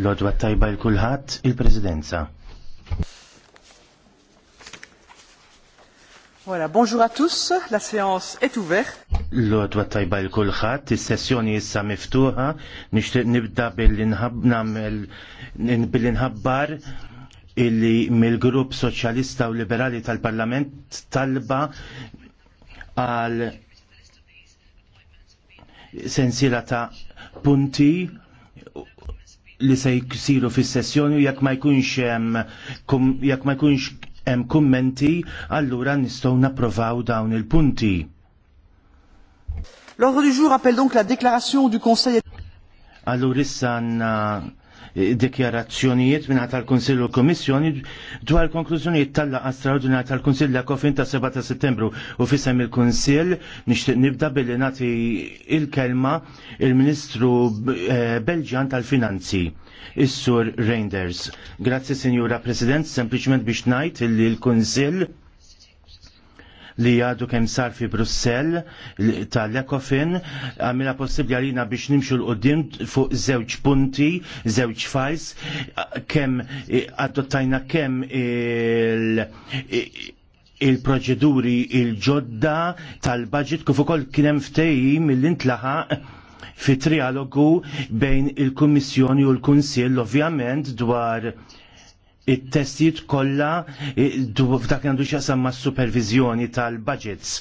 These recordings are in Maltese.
Lodwa tajba l-kulħadd il-Presidenza. Voilà, bonjour à tous, la séance est ouverte. Lodwa tajba l-kulħadd, is-sessjoni issa miftuħa, nixtieq nibda bil-inħabbar illi mill-grupp Soċjalista u Liberali tal-Parlament talba għal sensira ta' punti li se jsiru fis-sessjoni jekk ma jkunx hemm jekk ma jkunx hemm kummenti, allura nistgħu napprovaw dawn il-punti. L'ordre du jour appelle donc la déclaration du Conseil. Allora issa dikjarazzjonijiet minna tal-Konsillu Komissjoni dwar konklużjonijiet tal-laqa straordinarja tal-Konsill Kofin ta' 7 ta' settembru u fissem il-Konsill nixtieq nibda billi nagħti il-kelma il-Ministru eh, Belġjan tal-Finanzi, is-Sur Reinders. Grazzi Signora President, sempliċement biex ngħid il l-Konsill li għadu kem sar fi Brussell tal-Ekofin għamila possibli għalina biex nimxu l-qoddim fuq zewċ punti, zewċ fajs, kem adottajna kem il- il-proċeduri il-ġodda tal-budget kif ukoll kien hemm ftehim mill-intlaħaq fi trialogu bejn il-Kummissjoni u l-Kunsill ovvjament dwar it-testijiet kollha f'dak għandu x'jaqsam mas-supervizjoni tal-budgets.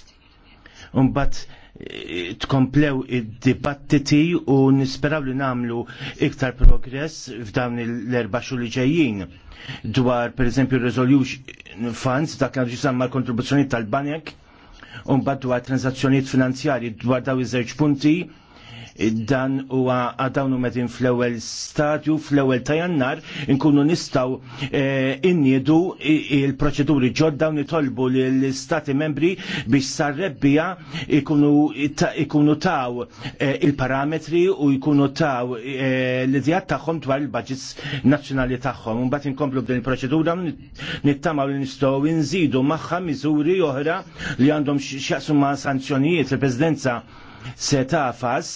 Imbagħad tkomplew id-dibattiti u nisperaw li namlu iktar progress f'dawn l-erba' xhur li ġejjin dwar pereżempju resolution funds dak għandu x'jaqsam mal-kontribuzzjoni tal-banek un mbagħad dwar transazzjonijiet finanzjarji dwar daw iż-żewġ punti dan huwa għadawnu metin fl-ewwel stadju fl-ewwel tajannar nkunu inkunu nistgħu eh, inniedu il-proċeduri ġodda u nitolbu lill-Stati membri biex sarrebbija ikunu taw eh, il-parametri u jkunu taw eh, l-idjat tagħhom dwar il-budgets nazzjonali tagħhom. Mbagħad inkomplu b'din il-proċedura nittamaw li nistgħu nżidu magħha miżuri oħra li għandhom x'jaqsmu ma' sanzjonijiet il prezidenza se tafas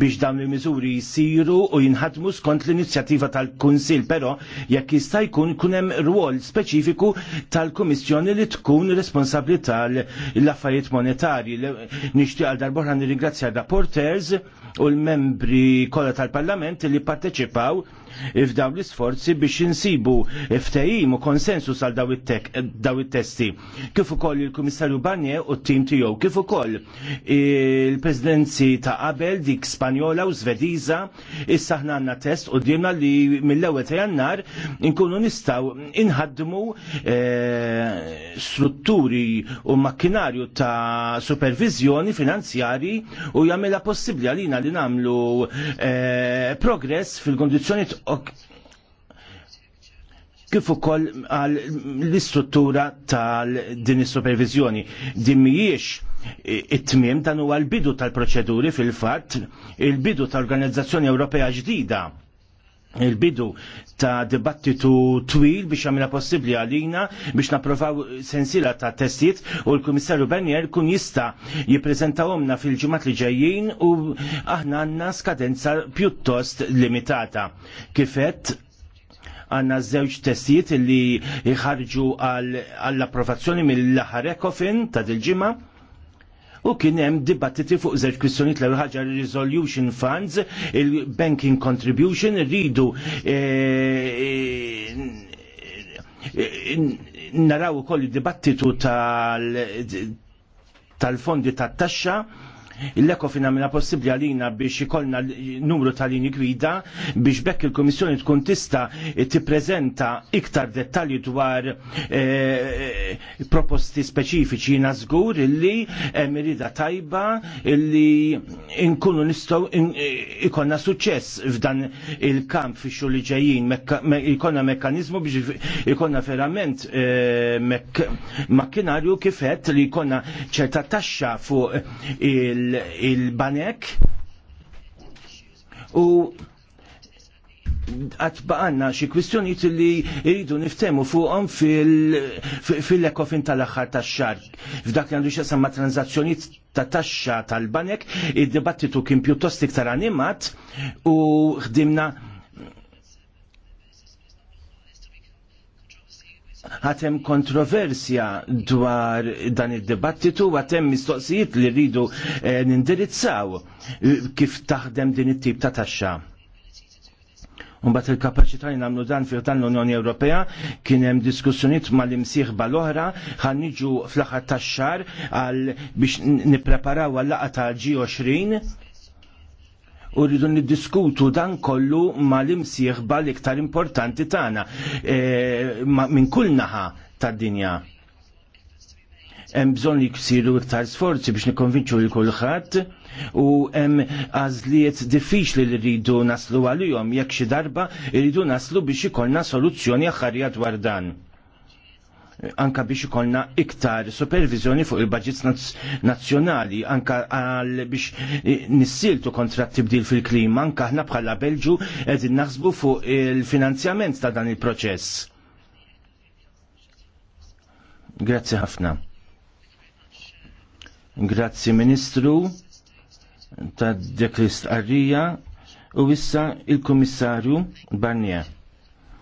biex dawn il-miżuri jisiru u jinħadmu skont l-inizjattiva tal-Kunsil, pero jekk jista' jkun kun hemm rwol speċifiku tal-Kummissjoni li tkun responsabbli tal-affarijiet monetarji. Nixtieq għal darbohra nirringrazzja rapporters u l-membri kollha tal-Parlament li parteċipaw f'dawn l-isforzi biex insibu ftehim u konsensus għal daw it-testi. Kif ukoll il-Kummissarju Barnier u t-tim tiegħu, kif ukoll il-Presidenzi ta' qabel dik Spanjola u Svediża issa ħna għandna test u li mill-ewwel ta' jannar inkunu nistgħu inħaddmu eh, strutturi u makkinarju ta' supervizjoni finanzjari u jagħmilha possibbli għalina li nagħmlu eh, progress fil-kondizzjoni kif ukoll għal l-istruttura tal din is-supervizjoni. Din mhijiex it-tmiem dan huwa l-bidu tal-proċeduri fil-fatt, il-bidu tal-Organizzazzjoni Ewropea ġdida il-bidu ta' dibattitu twil biex għamila possibli għalina biex naprofaw sensila ta' testijiet u l-Komissarju Bernier kun jista jiprezentawomna fil-ġimat li ġejjin u aħna għanna skadenza pjuttost limitata. Kifet għanna żewġ testijiet li jħarġu għall-approvazzjoni mill laħar ekofin ta' dil-ġimma u kien hemm dibattiti fuq żewġ kwistjonijiet l ħaġa resolution funds, il-banking contribution, rridu naraw ukoll id-dibattitu tal-fondi tat-taxxa l fina minna possibli għalina biex ikollna numru tal-lini gwida biex bekk il-Komissjoni tkun tista tippreżenta iktar dettalji dwar eh, proposti speċifiċi jina żgur illi mirida tajba illi inkunu nistgħu in, eh, ikonna suċċess f'dan il-kamp fi xogħol ġejjin ikonna biex ikonna verament eh, makinarju makkinarju kif li jkollna ċerta taxxa fuq il il-banek u għatbaqanna xie kwistjoniet li jridu niftemu fuqom fil-ekofin tal-axħar tax-xar. F'dak li għandu xie samma tranzazzjoniet ta' taxxa tal-banek, id-dibattitu kien pjuttost iktar animat u ħdimna għatem kontroversja dwar dan il-dibattitu għatem mistoqsijiet li rridu eh, nindirizzaw eh, kif taħdem din it-tip ta' taxxa. Unbat il-kapacità li namlu dan fiħ dan l-Unjoni Ewropea kien hemm diskussjonijiet mal-imsieħba l-oħra ħan niġu fl-aħħar tax-xar għal biex nippreparaw għal laqgħa ta' G20 u rridu niddiskutu dan kollu mal-imsieħba l-iktar importanti tagħna e, minn kull naħa tad-dinja hemm bżonn li ksiru iktar sforzi biex nikkonvinċu lil kulħadd u hemm għażliet diffiċli li rridu naslu għalihom jekk xi darba rridu naslu biex ikollna soluzzjoni aħħarija dwar dan anka biex ikollna iktar supervizjoni fuq il-budgets nazzjonali, anka għal biex nissiltu kontra tibdil fil-klima, anka ħna bħala Belġu edin naħsbu fuq il-finanzjament ta' dan il-proċess. Grazzi ħafna. Grazzi Ministru ta' Deklist Arrija u issa il-Komissarju Barnier.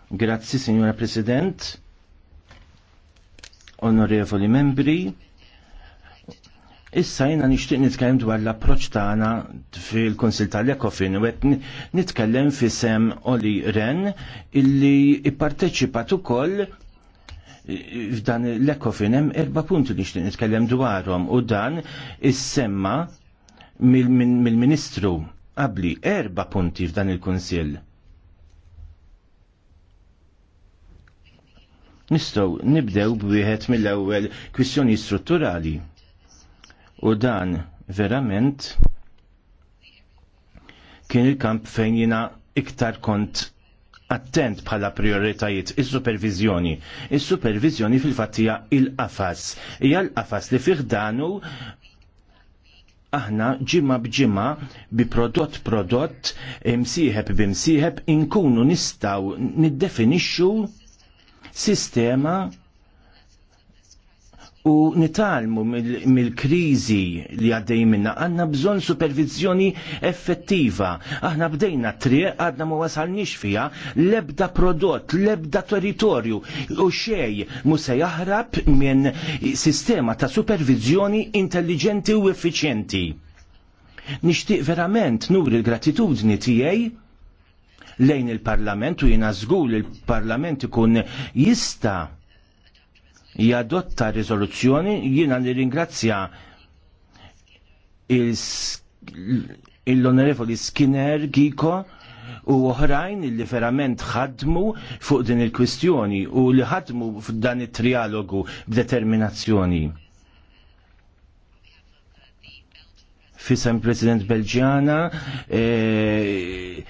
Grazzi, Signora President onorevoli membri, issa jina nishtiq nitkellem dwar l-approċ tagħna fil-Kunsil tal-Ekofin u qed nitkellem fi sem Oli Ren illi ipparteċipat ukoll f'dan l-Ekofin hemm erba' punti nixtieq nitkellem dwarhom u dan is-semma mill-Ministru mil qabli erba' punti f'dan il-Kunsill Nistgħu nibdew b'wieħed mill-ewwel kwistjoni strutturali. U dan verament kien il-kamp fejn jina iktar kont attent bħala prioritajiet il-supervizjoni. Il-supervizjoni fil-fattija il-qafas. Hija l-qafas li fih danu aħna ġimma bġimma bi prodott prodott, imsieħeb bimsieħeb, inkunu nistaw niddefinixxu sistema u nitalmu mill-krizi li għaddej minna għanna bżon supervizjoni effettiva. Aħna bdejna triq għadna ma wasalniex fija lebda prodott, lebda territorju u xej musa jahrab minn sistema ta' supervizjoni intelligenti u effiċjenti. Nishtiq verament nuri l-gratitudni tijaj lejn il-Parlament u jina żgur il-Parlament ikun jista' jadotta riżoluzzjoni jiena nirringrazzja l-Onorevoli Skinner Giko u oħrajn li verament ħadmu fuq din il-kwistjoni u li ħadmu f'dan it-trialogu b'determinazzjoni. Fisem President Belġjana, eh,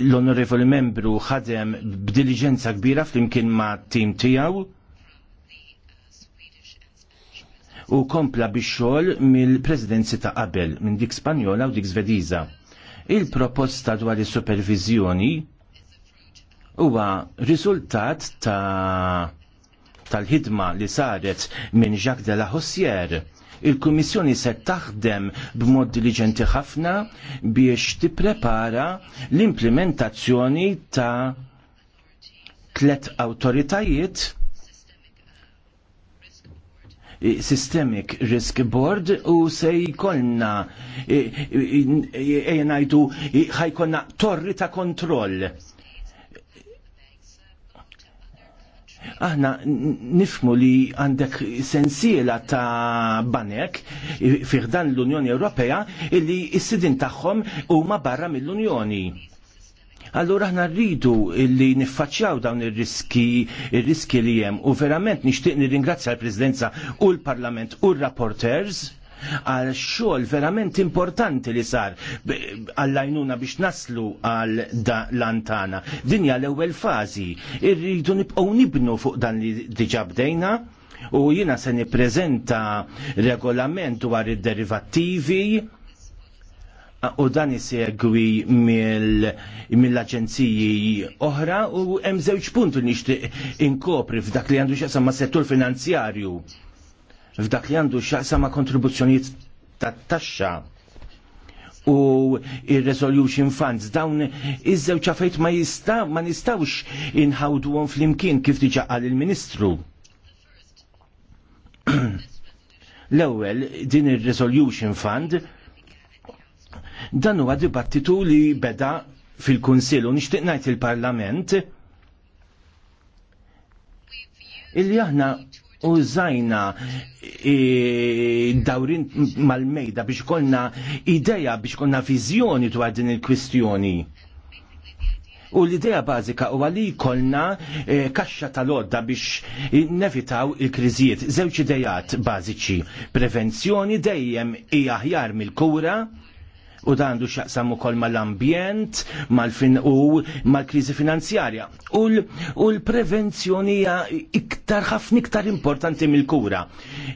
l-onorevoli membru ħadem b'diliġenza kbira flimkien ma' tim tijaw u kompla biex xogħol mill-presidenzi ta' qabel minn dik Spanjola u dik Svediza. Il-proposta dwar is-supervizjoni huwa riżultat ta' tal-ħidma li saret minn Jacques de la Hossier Il-Kummissjoni se taħdem b'mod diligenti ħafna biex tipprepara l-implementazzjoni ta' tlet awtoritajiet Systemic Risk Board u se jkollna ejnajdu ħajkonna torri ta' kontroll aħna nifmu li għandek sensiela ta' banek firdan l-Unjoni Ewropea illi s-sidin tagħhom huma barra mill-Unjoni. Allura aħna rridu li niffaċċjaw dawn ir-riski ir-riski li hemm u verament nixtieq nirringrazzja l-Presidenza u l-Parlament u r-Rapporters għal xogħol verament importanti li sar għallajnuna biex naslu għal l-antana. Din Dinja l-ewwel fażi, irridu nibqgħu nibnu fuq dan li diġà bdejna u jiena se nippreżenta regolament dwar id-derivattivi u dan isegwi mill-aġenziji oħra u hemm żewġ punti nixtieq inkopri f'dak li għandu x'jaqsam ma' settur finanzjarju f'dak li għandu xaqsa ma' kontribuzzjonijiet ta' taxxa u il-resolution funds dawn iżew ċafajt ma, jistaw, ma nistawx inħawdu għon fl-imkien kif diġa għal il-ministru. L-ewel din il-resolution fund dan huwa dibattitu li beda fil-Kunsill u nixtieq ngħid il-Parlament illi aħna u zajna e, dawrin mal-mejda biex konna ideja biex konna vizjoni dwar din il-kwistjoni. U l-ideja bażika huwa li jkollna e, kaxxa tal-odda biex nevitaw il-kriżijiet. Żewġ idejat bażiċi. Prevenzjoni dejjem hija aħjar mill-kura u dan għandu xaqsam ukoll mal-ambjent, mal-fin u mal-kriżi finanzjarja. U l-prevenzjoni hija iktar ħafna iktar importanti mill-kura.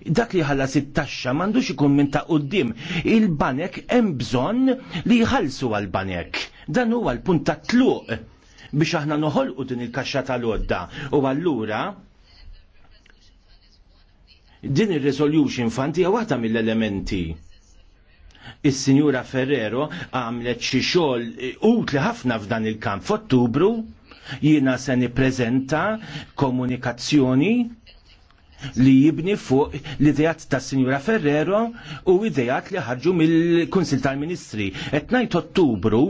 Dak li ħallas it-taxxa m'għandux ikun minn ta' qudiem. Il-banek hemm bżonn li jħallsu għal-banek. Dan huwa l-punt ta' tluq biex aħna noħolqu din il-kaxxa tal-għodda. U allura din ir-resolution fandi hija waħda mill-elementi Is-Sinjura Ferrero għamlet xi xogħol utli ħafna f'dan il-kamp. F'Ottubru jiena se nippreżenta komunikazzjoni li jibni fuq l-idejat ta' Sinjura Ferrero u idejat li ħarġu mill-Kunsil tal-Ministri. Et ngħid Ottubru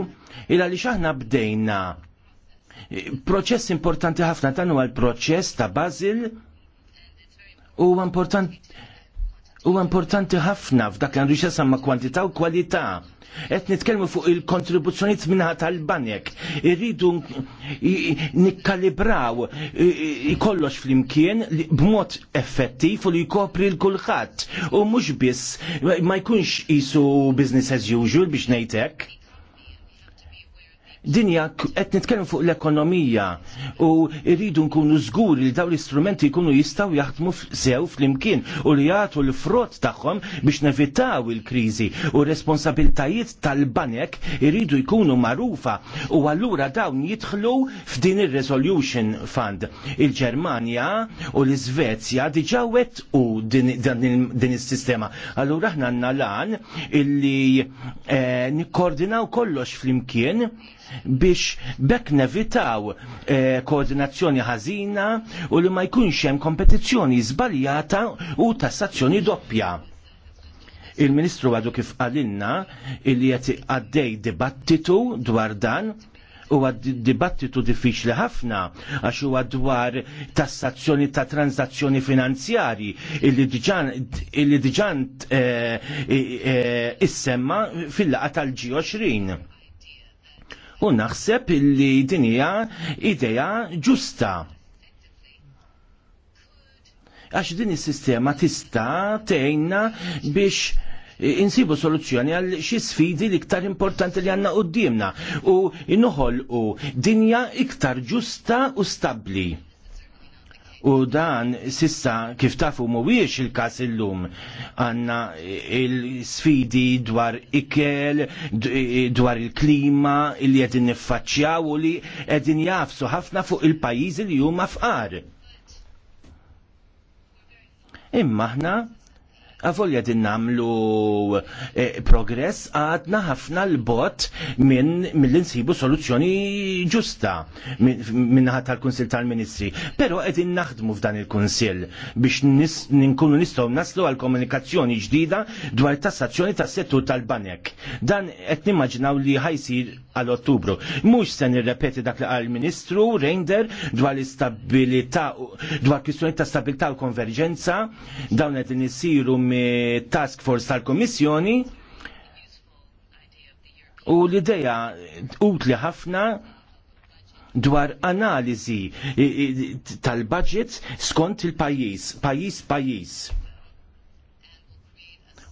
illa li xaħna bdejna proċess importanti ħafna dan huwa l-proċess ta' Basil u importanti huwa importanti ħafna f'dak li għandu xesam ma' kwantità u kwalità. Qed nitkellmu fuq il-kontribuzzjonijiet minnaħa tal-banek. Irridu nikkalibraw kollox flimkien b'mod effettiv u li jkopri l kulħadd u mhux biss ma jkunx isu business as usual biex ngħid hekk dinja qed nitkellem fuq l-ekonomija u rridu nkunu żgur li dawn l-istrumenti jkunu jistgħu jaħdmu sew flimkien u li jagħtu l-frott tagħhom biex nevitaw il-kriżi u responsabiltajiet tal-banek irridu jkunu magħrufa u allura dawn jidħlu f'din ir-resolution fund. Il-Ġermanja u l-Iżvezja diġà u din is-sistema. Allura aħna għandna lan illi eh, nikkoordinaw kollox flimkien biex bekk nevitaw eh, koordinazzjoni ħażina u li ma jkunx hemm kompetizzjoni żbaljata u tassazzjoni doppja. Il-Ministru għadu kif għalinna illi qed għaddej dibattitu dwar dan u dibattitu diffiċli ħafna għax huwa dwar tassazzjoni ta' transazzjoni finanzjari illi diġan illi diġan eh, eh, issemma fil-laqa tal-G20 u naħseb li dinija ideja ġusta. Għax din is-sistema tista' tgħinna biex insibu soluzzjoni għal xi sfidi l-iktar importanti li għandna qudiemna u inħolqu dinja iktar ġusta u stabbli. U dan sissa kif tafu mhuwiex il-każ illum għandna il-sfidi dwar ikel, dwar il-klima li qegħdin niffaċċjaw u li qegħdin jafsu ħafna fuq il-pajjiżi li huma fqar. Imma aħna Għavolja din namlu eh, progress għadna ħafna l-bot minn l insibu soluzzjoni ġusta minnaħat tal-Kunsil tal-Ministri. Pero għedin naħdmu f'dan il konsil biex ninkunu nistgħu naslu għal komunikazzjoni ġdida dwar tassazzjoni tas settur tal-banek. Dan qed nimmaġinaw li ħajsir għal Ottubru. Mhux se nirrepeti dak li għal Ministru Reinder dwar l-istabilità dwar kwistjoni ta' stabilità u konverġenza dawn qed isiru task force tal-Komissjoni u l-ideja utli ħafna dwar analizi tal-budget skont il-pajis, pajis pajis.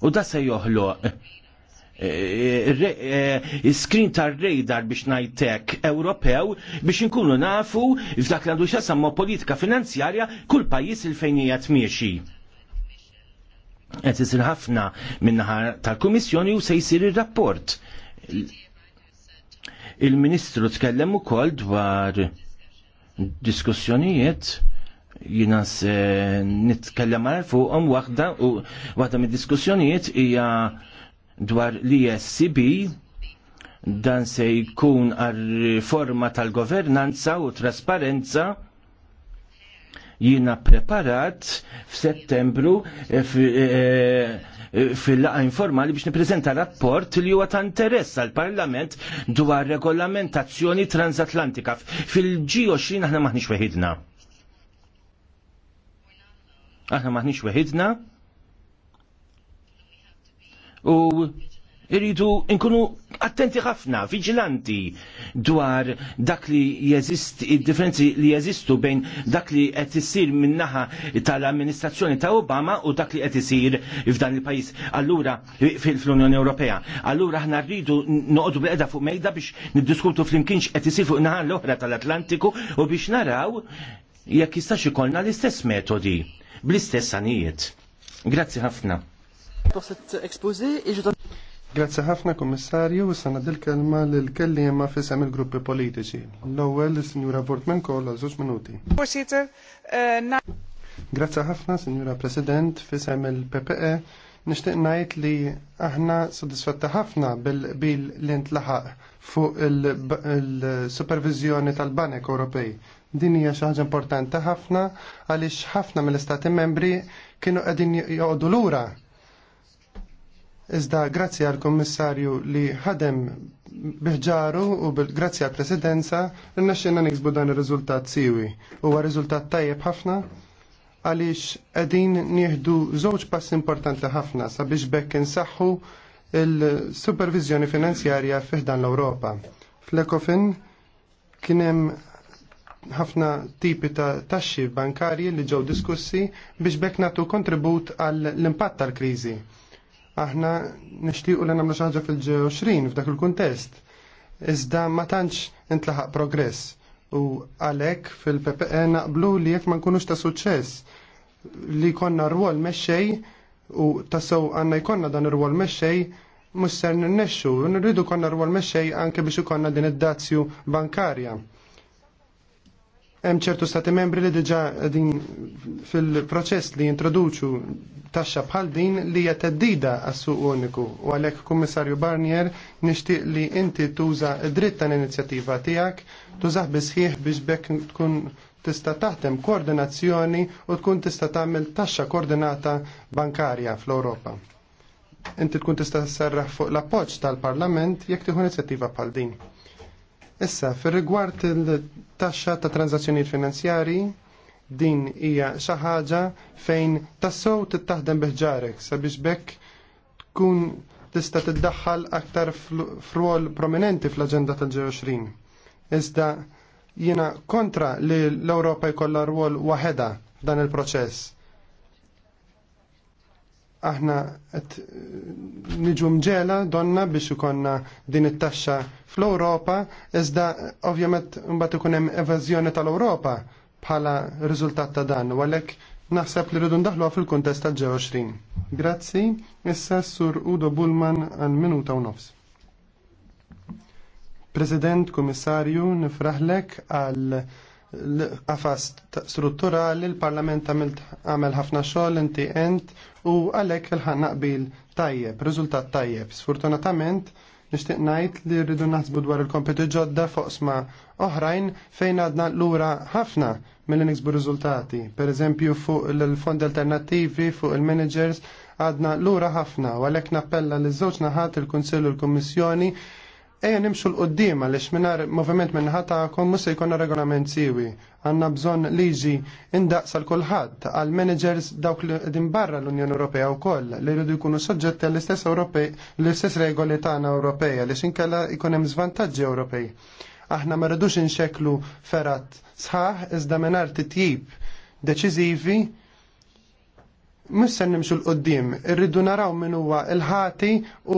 U da se joħloq eh, eh, eh, screen tar radar biex najtek Ewropew biex inkunu nafu f'dak l-għandu xasamma politika finanzjarja kull pajis il-fejnijat miexi qed isir ħafna minnaħar naħa tal-Kummissjoni u se jsir ir-rapport. Il-Ministru tkellem ukoll dwar diskussjonijiet jina se nitkellem għal fuqhom waħda u waħda mid-diskussjonijiet hija dwar l-ISCB dan se jkun għal riforma tal-governanza u trasparenza jina preparat f'Settembru eh, eh, eh, fil-laqa informali biex niprezenta rapport li huwa ta' interess għal parlament dwar regolamentazzjoni transatlantika fil ġio xin aħna maħniex weħidna. Aħna maħniex weħidna u irridu nkunu attenti ħafna, vigilanti dwar dak li jeżist, differenzi li jeżistu bejn dak li qed isir minnaħa tal-amministrazzjoni ta' Obama u dak li qed isir f'dan il-pajjiż allura fil-Unjoni Ewropea. Allura aħna rridu noqogħdu bil fuq mejda biex niddiskutu flimkien qed isir fuq naħa l-oħra tal-Atlantiku u biex naraw jekk jistax ikollna l-istess metodi bl-istess sanijiet. Grazzi ħafna. Grazzi ħafna Kommissarju. u dil-kelma l-kellima fissam il-gruppi politiċi. L-ewwel is-Sinjura Vortman Kolla, żewġ minuti. Eh, Grazzi ħafna, Sinjura President, fissam il-PPE. Nixtieq ngħid li aħna sodisfatta ħafna bil bil li ntlaħaq fuq il-supervizjoni tal-Banek Ewropej. Din hija xi ħaġa importanti ħafna għaliex ħafna mill-Istati membri kienu qegħdin joqogħdu lura Iżda grazzi għal kommissarju li ħadem biħġaru u grazzi għal presidenza rnaxxina niksbu dan ir-riżultat siwi. Huwa riżultat tajjeb ħafna għaliex qegħdin nieħdu żewġ pass importanti ħafna sabiex bekk insaħħu il-supervizjoni finanzjarja fiħdan l-Ewropa. Fl-Ecofin kien hemm ħafna tipi ta' taxxi bankarji li ġew diskussi biex bekk nagħtu kontribut għall impatt tal-kriżi. Aħna nixtiequ li nagħmlu xi ħaġa fil-20 f'dak il-kuntest. Iżda ma tantx intlaħaq progress u għalek fil-PPE naqblu li jekk ma nkunux ta' suċċess li konna rwol mexxej u tassew għandna jkollna dan ir-rwol mexxej mhux ser n-ridu konna rwol mexxej anke biex konna din id-dazju bankarja Hemm ċertu stati membri li diġà din fil-proċess li jintroduċu taxxa bħal din li hija teddida għas-suq uniku u għalhekk Kummissarju Barnier nixtieq li inti tuża dritt tal-inizjattiva tiegħek tużaħ bisħieħ biex bekk tkun tista' taħdem koordinazzjoni u tkun tista' tagħmel taxxa koordinata bankarja fl-Ewropa. Inti tkun tista' serraħ fuq l-appoġġ tal-Parlament jekk tieħu inizjattiva bħal din. Issa, fir rigward il-taxxa ta' tranzazzjonijiet finanzjari, din hija xi ħaġa fejn tassew tittaħdem biħġarek sabiex bekk tkun tista' tiddaħħal aktar frol prominenti fl-aġenda tal-G20. Iżda jiena kontra li l-Ewropa jkollha rwol waħedha f'dan il-proċess aħna qed niġu mġela donna biex ikonna din it-taxxa fl-Ewropa, iżda ovvjament mbagħad ikun hemm evażjoni tal-Ewropa bħala riżultat ta' dan, u għalhekk naħseb li rridu ndaħluha fil-kuntest tal-G20. Grazzi, issa sur Udo Bullman għal minuta u nofs. President, Komissarju, nifraħlek għal l-qafas strutturali l-Parlament għamel ħafna xogħol inti ent u għalhekk il-ħanna qbil tajjeb, riżultat tajjeb. Sfortunatament nixtieq ngħid li rridu naħsbu dwar il-kompeti ġodda foqsma oħrajn fejn għadna lura ħafna mill niksbu riżultati. Pereżempju fuq l-fondi alternattivi, fuq il-managers għadna lura ħafna u għalhekk nappella li żewġ naħat il-Kunsill u l-Kummissjoni il Ejja nimxu l-qoddim għaliex minar moviment minnħata kon musa jkun regolament siwi. Għanna bżon liġi indaqs għal kulħadd għal managers dawk li din barra l-Unjoni Ewropea wkoll li jridu jkunu soġġetti għall-istess Ewropej l-istess regoli tagħna Ewropej għalix inkella jkun hemm żvantaġġi Ewropej. Aħna ma rridux inxeklu ferat sħaħ iżda minar titjib deċiżivi Missa nimxu l-qoddim, irridu naraw min huwa il-ħati u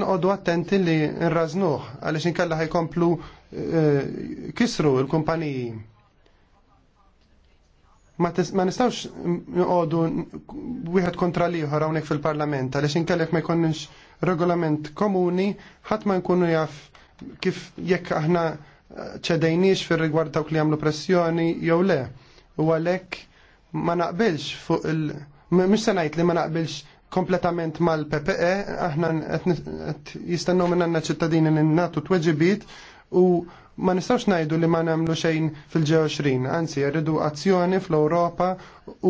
noqodu attenti li nraznuħ, għalix inkella ħajkomplu eh, kisru l-kumpaniji. Ma nistawx noqodu wieħed kontra liħor hawnhekk fil-Parlament, għalix inkellek ma jkunx regolament komuni, ħadd ma nkunu jaf kif jekk aħna ċedejniex fir rigward dawk li għamlu pressjoni jew le. U għalhekk ma naqbilx fuq il mhux se ngħid li ma naqbilx kompletament mal-PPE, aħna jistennu għandna ċittadini n-natu t u ma nistgħux ngħidu li ma nagħmlu xejn fil-20, anzi rridu azzjoni fl ewropa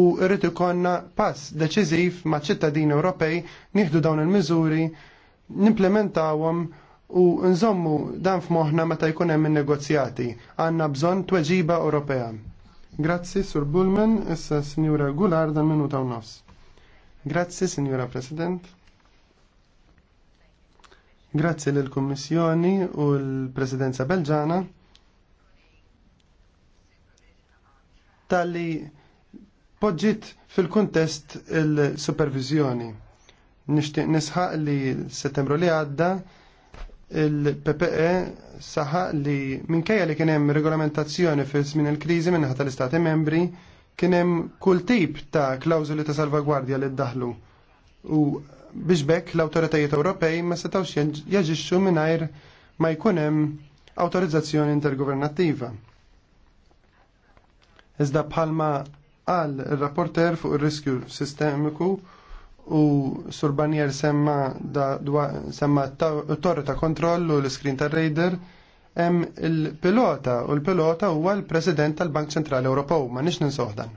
u rrid ikonna pass deċiżiv ma' ċittadini Ewropej nieħdu dawn il-miżuri, nimplementawhom u nżommu dan f'moħħna meta jkun hemm in-negozjati. Għandna bżonn tweġiba Ewropea. Grazzi, Sur Bullman, issa Signora Gular dal minuta u nofs. Grazzi, Signora President. Grazzi lill kommissjoni u l-Presidenza Belġana tal-li poġġit fil-kontest il-supervizjoni. Nishtiq nisħaq li settembru li għadda il-PPE saħa li minkejja li kienem regolamentazzjoni fil żmien il-krizi minnaħa tal-Istati membri kienem kull tip ta' klawzuli ta' salvagwardja li ddaħlu u biex bekk l-autoritajiet Ewropej ma setawx jaġixxu mingħajr ma jkunem autorizzazzjoni intergovernativa. Iżda bħalma għal il-rapporter fuq il-riskju sistemiku u Surbanier semma, da, dwa, semma torre ta' kontrollu l-screen ta' Raider hemm il-pilota u l-pilota huwa l-President tal-Bank Ċentrali Ewropew, ma nix ninsoħdan.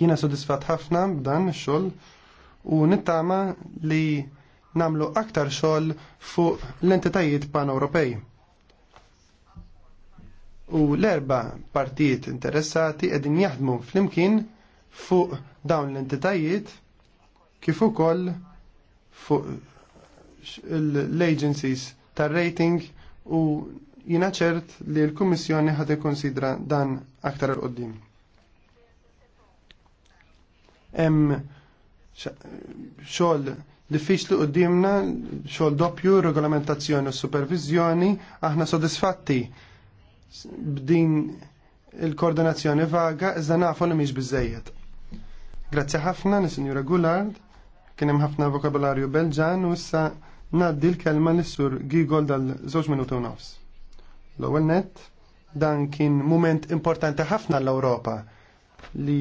Jiena sodisfat ħafna b'dan ix-xogħol u nittama li namlu aktar xogħol fuq l-entitajiet pan-Ewropej. U l-erba partijiet interessati qegħdin jaħdmu flimkien fuq dawn l-entitajiet kif ukoll fuq l-agencies tar-rating u jina ċert li l-Kummissjoni ħad ikkonsidra dan aktar il qoddim Hemm xogħol diffiċli qudiemna, xogħol doppju, regolamentazzjoni u supervizjoni, aħna sodisfatti b'din il-koordinazzjoni vaga, iżda nafu li mhix biżejjed. Grazie ħafna nis-Sinjura Gullard, kien hemm ħafna Vokabolarju Belġan u issa ngħaddi l-kelma lis-Sur Gigol dal żewġ minuti u nofs. L-ewwel nett, dan kien mument importanti ħafna l-Ewropa li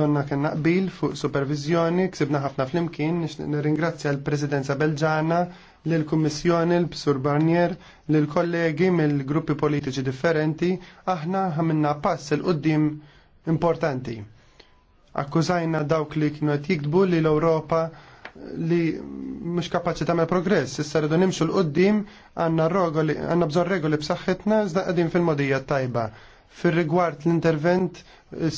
donna kien naqbil fuq supervizjoni, ksibna ħafna flimkien, nirringrazzja l-Presidenza Belġana, l-Kummissjoni, l-Bsur Barnier, l-kollegi mill-gruppi politiċi differenti, aħna ħamilna pass il-qoddim importanti akkużajna dawk li kienu qed jiktbu li l-Ewropa li mhux kapaċi tagħmel progress, issa rridu nimxu l qudiem għandna regoli għandna bżonn regoli b'saħħitna iżda qegħdin fil-modija tajba. Fir-rigward l-intervent,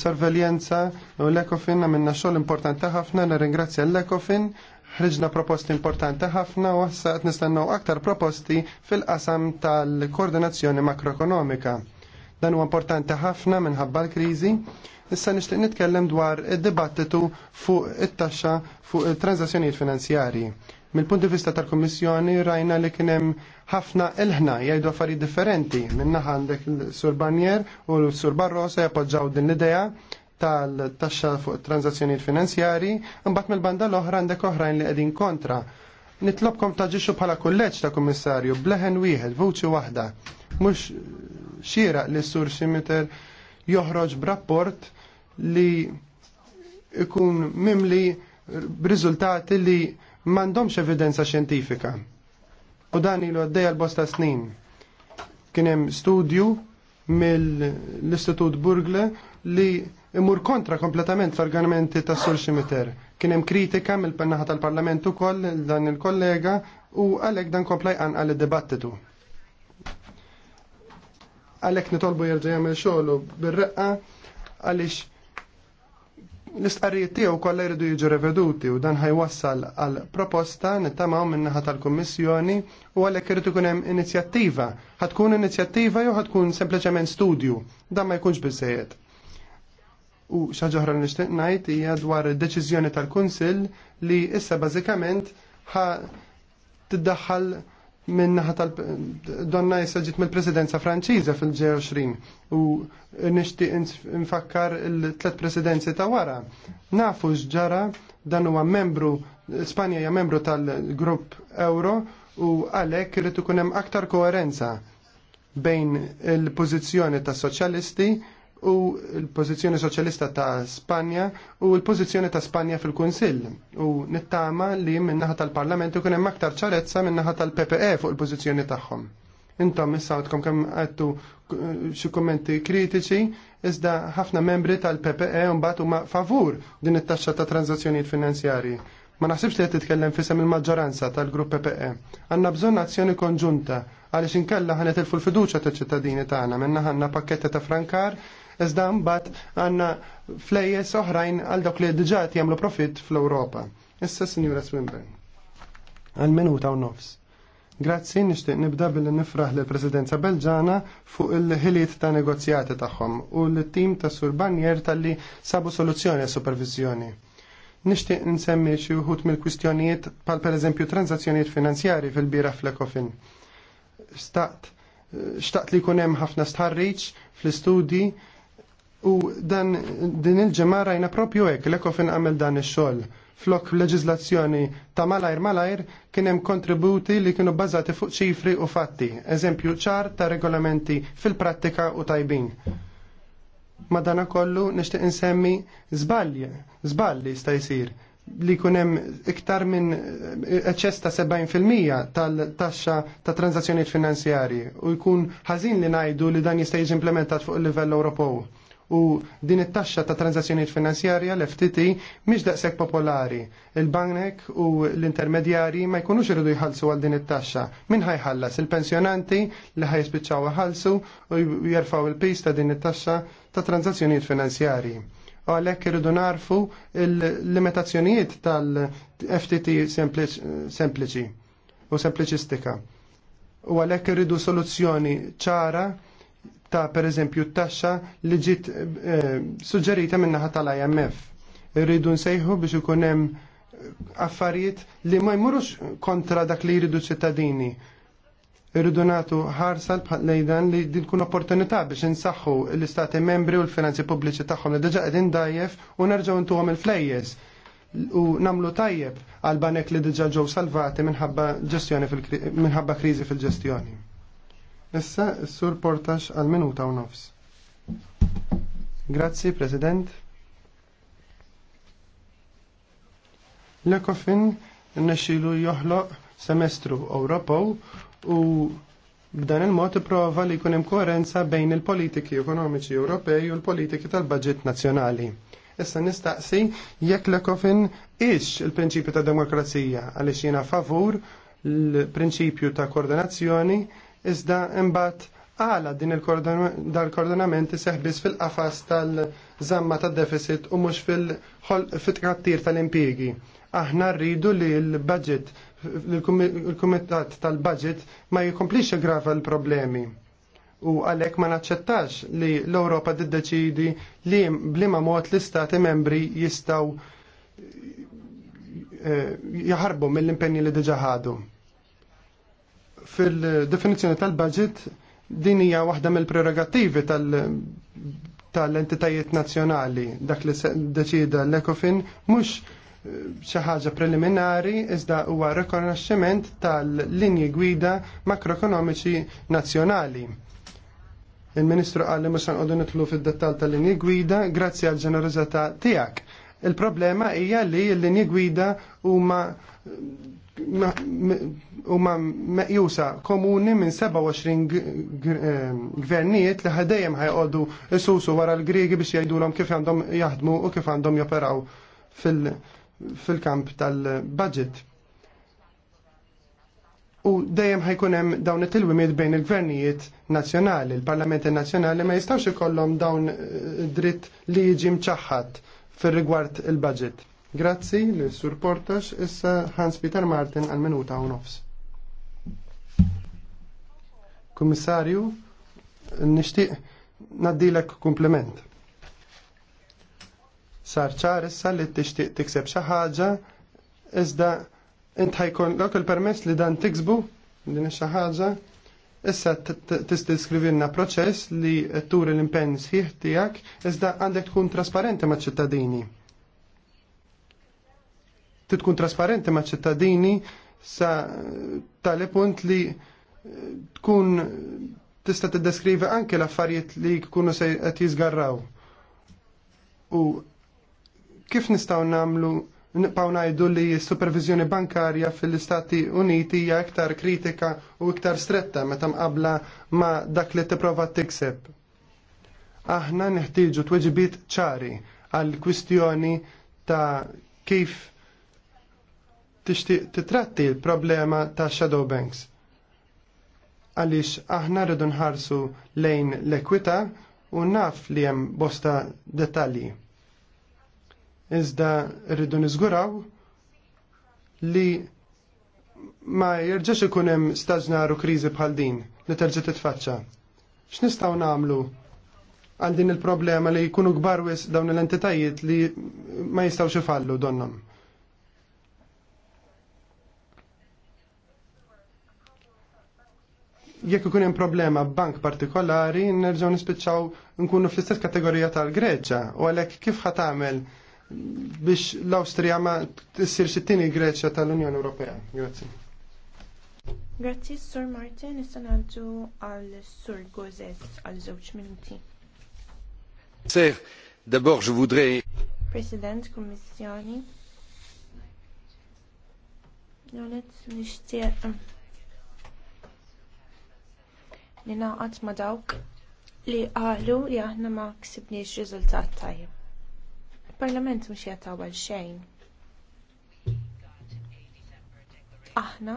sorveljenza u l-Ekofin għamilna xogħol importanti ħafna, nirringrazzja l-Ekofin, ħriġna proposti importanti ħafna u issa qed nistennew aktar proposti fil-qasam tal-koordinazzjoni makroekonomika. Dan huwa importanti ħafna minħabba l-kriżi Issa nixtieq nitkellem dwar id-dibattitu fuq it-taxxa fuq it-transazzjonijiet finanzjarji. Mill-punt di vista tal-Kommissjoni rajna li kien hemm ħafna ilħna jgħidu affarijiet differenti. Minnaħa għandek sur Barnier u sur Barrosa jappoġġaw din l-idea tal-taxxa fuq transazzjonijiet finanzjarji, imbagħad mill-banda l-oħra għandek oħrajn li qegħdin kontra. Nitlobkom taġixxu bħala kulleġġ ta' kummissarju bleħen wieħed, vuċi waħda. Mhux xieraq li sur Ximiter joħroġ b'rapport li ikun mimli b'riżultati li m'għandhomx evidenza xjentifika. U dan ilu għaddejja l-bosta snin. Kien hemm studju mill-Istitut Burgle li imur kontra kompletament l-argamenti ta' Sur Ximiter. Kien hemm kritika mill-pennaħa tal-Parlament ukoll dan il-kollega u għalhekk dan kompla jqanqal id-dibattitu. Għalhekk nitolbu jerġa' jagħmel xogħlu bir-reqqa għaliex L-istqarrijiet tiegħu kollha jridu jiġu reveduti u dan ħajwassal għal proposta nittamaw min-naħa tal-Kummissjoni u għalhekk irid ikun hemm inizjattiva. tkun inizjattiva jew tkun sempliċement studju, dan ma jkunx biżejjed. U xi oħra nixtieq ngħid hija dwar id-deċiżjoni tal-Kunsill li issa bażikament ħa tiddaħħal Min-naħa tal-donna jissa ġit mill-presidenza franċiża fil-G20 u nixtieq nfakkar il-tlet presidenzi ta' wara. Nafu x'ġara dan huwa membru Spanja hija membru tal-grupp Euro u għalek irid ikun hemm aktar koerenza bejn il-pożizzjoni tas-soċjalisti u l-pożizzjoni soċjalista ta' Spanja u l pozizjoni ta' Spanja fil-Kunsill. U nittama li minnaħa tal-Parlament u hemm aktar ċarezza minnaħa tal-PPE fuq il-pożizzjoni tagħhom. Intom issa għadkom kemm għattu xi kummenti kritiċi, iżda ħafna membri tal-PPE mbagħad huma favur din it-taxxa ta' tranzazzjoni finanzjarji. Ma naħsibx li qed titkellem fisem il-maġġoranza tal-grupp PPE. Għandna bżonn azzjoni konġunta għaliex inkella ħanet il-fiduċja tal-ċittadini tagħna minna ħanna pakketta ta' frankar iżda mbagħad għandna flejjes oħrajn għal dawk li diġà jagħmlu profitt fl-Ewropa. Issa Sinjura Swinburne. Għal minuta u nofs. Grazzi, nishtiq nibda billi nifraħ l presidenza Belġana fuq il-ħiliet ta' negozjati tagħhom u l-tim ta' Sur Banjer tal-li sabu soluzzjoni għas supervizjoni. Nishtiq nsemmi xi wħud mill-kwistjonijiet pal pereżempju tranzazzjonijiet finanzjari fil-bira fl-Ekofin. Staqt, xtaqt li jkun hemm ħafna stħarriġ fl-istudji U dan din il-ġemma rajna propju hekk l fin għamil dan ix-xogħol. Flok leġiżlazzjoni ta' malajr malajr kien hemm kontributi li kienu bbażati fuq ċifri u fatti, eżempju ċar ta' regolamenti fil-prattika u tajbin. Madana kollu nixtieq insemmi żbalji, żballi sta jsir li kunem iktar minn eċess eh, ta' 70% tal-taxxa ta' tranzazzjonijiet finanzjarji u jkun ħażin li ngħidu li dan jista' jiġi implementat fuq il-livell Ewropew u din it-taxxa ta' tranzazzjonijiet finanzjarja l-FTT mhix daqshekk popolari. Il-banek u l-intermedjari ma jkunux iridu jħallsu għal din it-taxxa. Min ħajħallas il-pensjonanti li ħajspiċċaw ħallsu u jerfaw il-pis ta' din it-taxxa ta' tranzazzjonijiet finanzjarji. U għalhekk irridu narfu il-limitazzjonijiet tal-FTT sempliċi u sempliċistika. U għalhekk irridu soluzzjoni ċara ta' pereżempju t-taxxa li ġiet eh, suġġerita min-naħa tal-IMF. Irridu nsejħu biex ikun hemm affarijiet li ma jmurux kontra dak li jridu ċittadini. Irridu nagħtu ħarsal bħal lejdan li din tkun opportunità biex insaħħu l-istati membri u l-finanzi pubbliċi tagħhom li diġà qegħdin dajjef u nerġgħu intuhom il-flejjes u namlu tajjeb għal banek li diġà ġew salvati minħabba ġestjoni minħabba kriżi fil-ġestjoni. Issa s-sur portax għal minuta u nofs. Grazzi, President. L-Ekofin n naxilu joħloq semestru Ewropew u B'dan il-mod prova li jkun hemm koerenza bejn il-politiki ekonomiċi Ewropej u l-politiki tal-budget nazzjonali. Issa nistaqsi jekk l-ekofin ix il-prinċipju ta' demokrazija għaliex jiena favur l-prinċipju ta' koordinazzjoni iżda imbagħad għala din il-koordinament seħbis fil-qafas tal-zamma tad deficit u mux fil fitkattir tal-impiegi. Aħna rridu li l-budget, l-kumitat tal-budget ma jikomplix grava l-problemi. U għalek ma naċċettax li l-Europa tiddeċidi li blima mod l-istati membri jistaw eh, jaharbu mill-impenni li diġaħadu fil-definizzjoni tal-budget din hija waħda mill-prerogattivi tal-entitajiet tal nazzjonali dak li deċida l-Ekofin mhux eh, xi ħaġa preliminari iżda huwa rikonoxximent tal-linji gwida makroekonomiċi nazzjonali. Il-Ministru qal li mhux nqogħdu nitlu fid-dettall tal-linji gwida grazzi għal ġenerożità tiegħek. Il-problema hija li l-linji gwida huma huma meqjusa komuni minn 27 eh, gvernijiet li ħadejjem ħajqogħdu isusu wara l-Griegi biex jgħidulhom kif għandhom jaħdmu u kif għandhom joperaw fil-kamp tal-budget. U dejjem ħajkun hemm dawn it-tilwimiet bejn il-gvernijiet nazzjonali, il-parlamenti nazzjonali ma jistgħux ikollhom dawn eh, dritt li jiġi mċaħħad fir-rigward il-budget. Grazzi l sur issa Hans Peter Martin għal minuta u nofs. Komissarju, nishtiq naddilek kumpliment. Sar ċar issa li tixtieq tikseb xi ħaġa iżda int ħajkun dak il-permess li dan tiksbu din xi xaħġa, issa t-istiskrivinna proċess li turi l-impenn sħiħ tiegħek iżda għandek tkun trasparenti maċ-ċittadini titkun trasparenti ma' ċittadini sa tale punt li eh, tkun tista' tiddeskrivi anke l-affarijiet li jkunu se qed jiżgarraw. U kif nistgħu nagħmlu nibqgħu ngħidu li s-supervizjoni bankarja fil-Istati Uniti hija iktar kritika u iktar stretta meta mqabla ma' dak li tipprova tikseb. Aħna neħtieġu tweġibiet ċari għall kwistjoni ta' kif tixtieq titratti l-problema ta' shadow banks. Għaliex aħna rridu nħarsu lejn l-ekwita u naf li hemm bosta dettalji. Iżda rridu niżguraw li ma jerġax ikun hemm staġnar u kriżi bħal din li terġa' titfaċċa. X'nistgħu nagħmlu għal din il-problema li jkunu kbar wis dawn l-entitajiet li ma jistgħux ifallu donnom? jekk ikun hemm problema bank partikolari nerġgħu nispiċċaw nkunu fl-istess kategorija tal-Greċja u għalhekk kif ħadd tagħmel biex l-Awstrija ma it-tieni Greċja tal-Unjoni Ewropea. Grazzi. Grazzi Sur Martin, nista' ngħaddu għal Sur Gozes għal żewġ minuti. Sir, d'abord je voudrais President Kummissjoni naqat ma dawk li qalu li aħna ma ksibniex riżultat tajjeb. Il-Parlament mhux jataw għal xejn. Aħna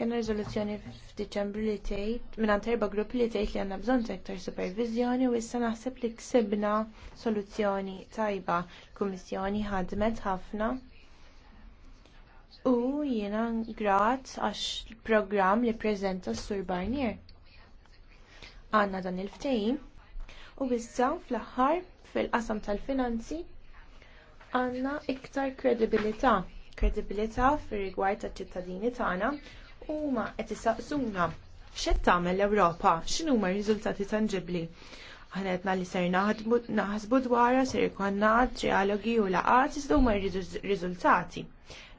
kien riżoluzzjoni f'Diċembru li tgħid mingħand erba' grupp li tgħid li għandna bżonn ta' iktar supervizjoni u issa naħseb li ksibna soluzzjoni tajba. Kummissjoni ħadmet ħafna U jiena grat għax program li prezenta Sur Barnier. Għanna dan il ftejn U issa fl-aħħar fil-qasam tal-finanzi għanna iktar kredibilità. Kredibilità fir-rigward tat-ċittadini tagħna huma qed isaqsuna x'qed tagħmel l-Ewropa, x'inhuma r-riżultati tanġibbli ħanetna li ser naħsbu dwarha ser ikonna trialogi u laqat iżda huma r-riżultati.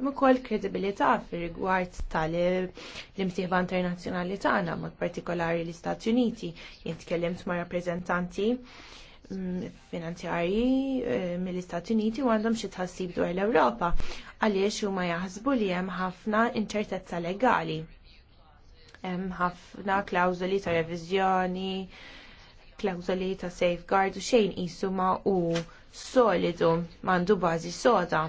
Imma ukoll kredibilità fir-rigward tal-imsieħba internazzjonali tagħna, mod partikolari l-Istati Uniti. Jien tkellimt ma' rappreżentanti mm, finanzjarji eh, mill-Istati Uniti u għandhom xi tħassib dwar l-Ewropa għaliex huma jaħsbu li hemm ħafna inċertezza legali. Hemm ħafna klawżoli ta' reviżjoni, klawżoli ta' safeguard u xejn ma u solidu m'għandu bażi soda.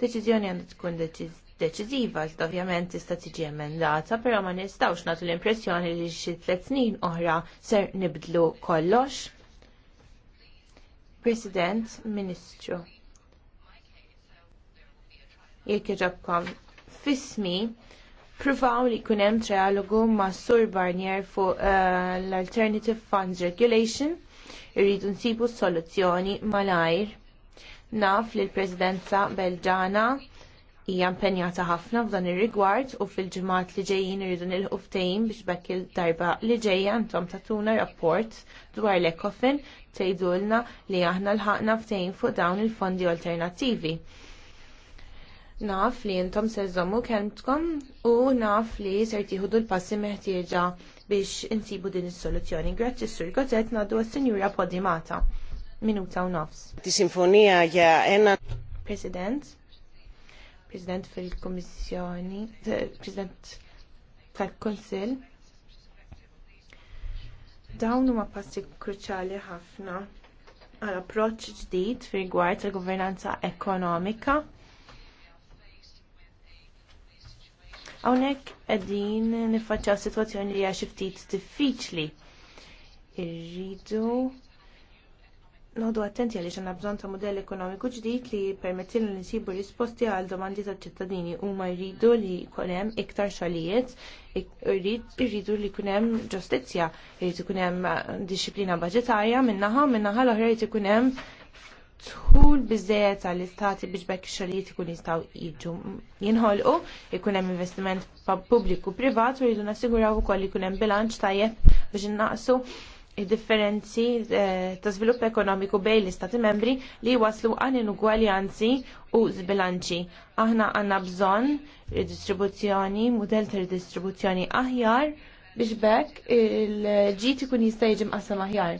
Deċiżjoni għandu tkun deċiżiva, ovvjament tista' tiġi emendata, però ma nistgħux nagħtu l-impressjoni li xi tliet snin oħra ser nibdlu kollox. President, Ministru, jekk iġabkom fismi, Provaw li hemm trialogu ma' Sur Barnier fuq uh, l-Alternative Funds Regulation irridu nsibu soluzzjoni malajr Naf li l-Presidenza Belġana hija impenjata ħafna f'dan ir-rigward u fil-ġimgħat li ġejjin iridu nilħu ftehim biex bekk il-darba li ġejja intom tatuna rapport dwar l-ECOFIN tgħidulna li aħna lħaqna ftehim fuq dawn il-fondi alternattivi. Naf li intom se żommu kemtkom u naf li ser tieħdu l-passi meħtieġa biex insibu din is-soluzzjoni. Grazzi Sur Gozet ngħaddu għas-Sinjura Podimata minuta u nofs. Ti simfonija ja ena. President, President fil-Komissjoni, eh, President tal-Konsil, dawn huma passi kruċali ħafna għal approċċ ġdid fir rigward tal-governanza ekonomika. Hawnhekk qegħdin niffaċċjaw sitwazzjoni li hija xi ftit diffiċli. Irridu Nodu attenti għaliex għandna bżonn ta' modell ekonomiku ġdid li permettilna li nsibu risposti għal domandi taċ ċittadini huma jridu li jkun hemm iktar xogħlijiet, jridu li jkun hemm ġustizzja, jrid ikun hemm eh, disciplina budġetarja minnaħa minnaħa l-oħra jrid ikun hemm tħul biżejjed għall istati biex bekk xogħlijiet ikun jistgħu jiġu jinħolqu, ikun hemm investiment pubbliku privat u jridu nassiguraw ukoll li jkun hemm bilanċ tajjeb biex innaqsu differenzi eh, ta' svilupp ekonomiku bejn l-istati membri li waslu għan inugwaljanzi u zbilanċi. Aħna għanna bżon redistribuzzjoni, model ta' redistribuzzjoni aħjar biex bekk il ġiti ikun jista' jiġi mqassam aħjar.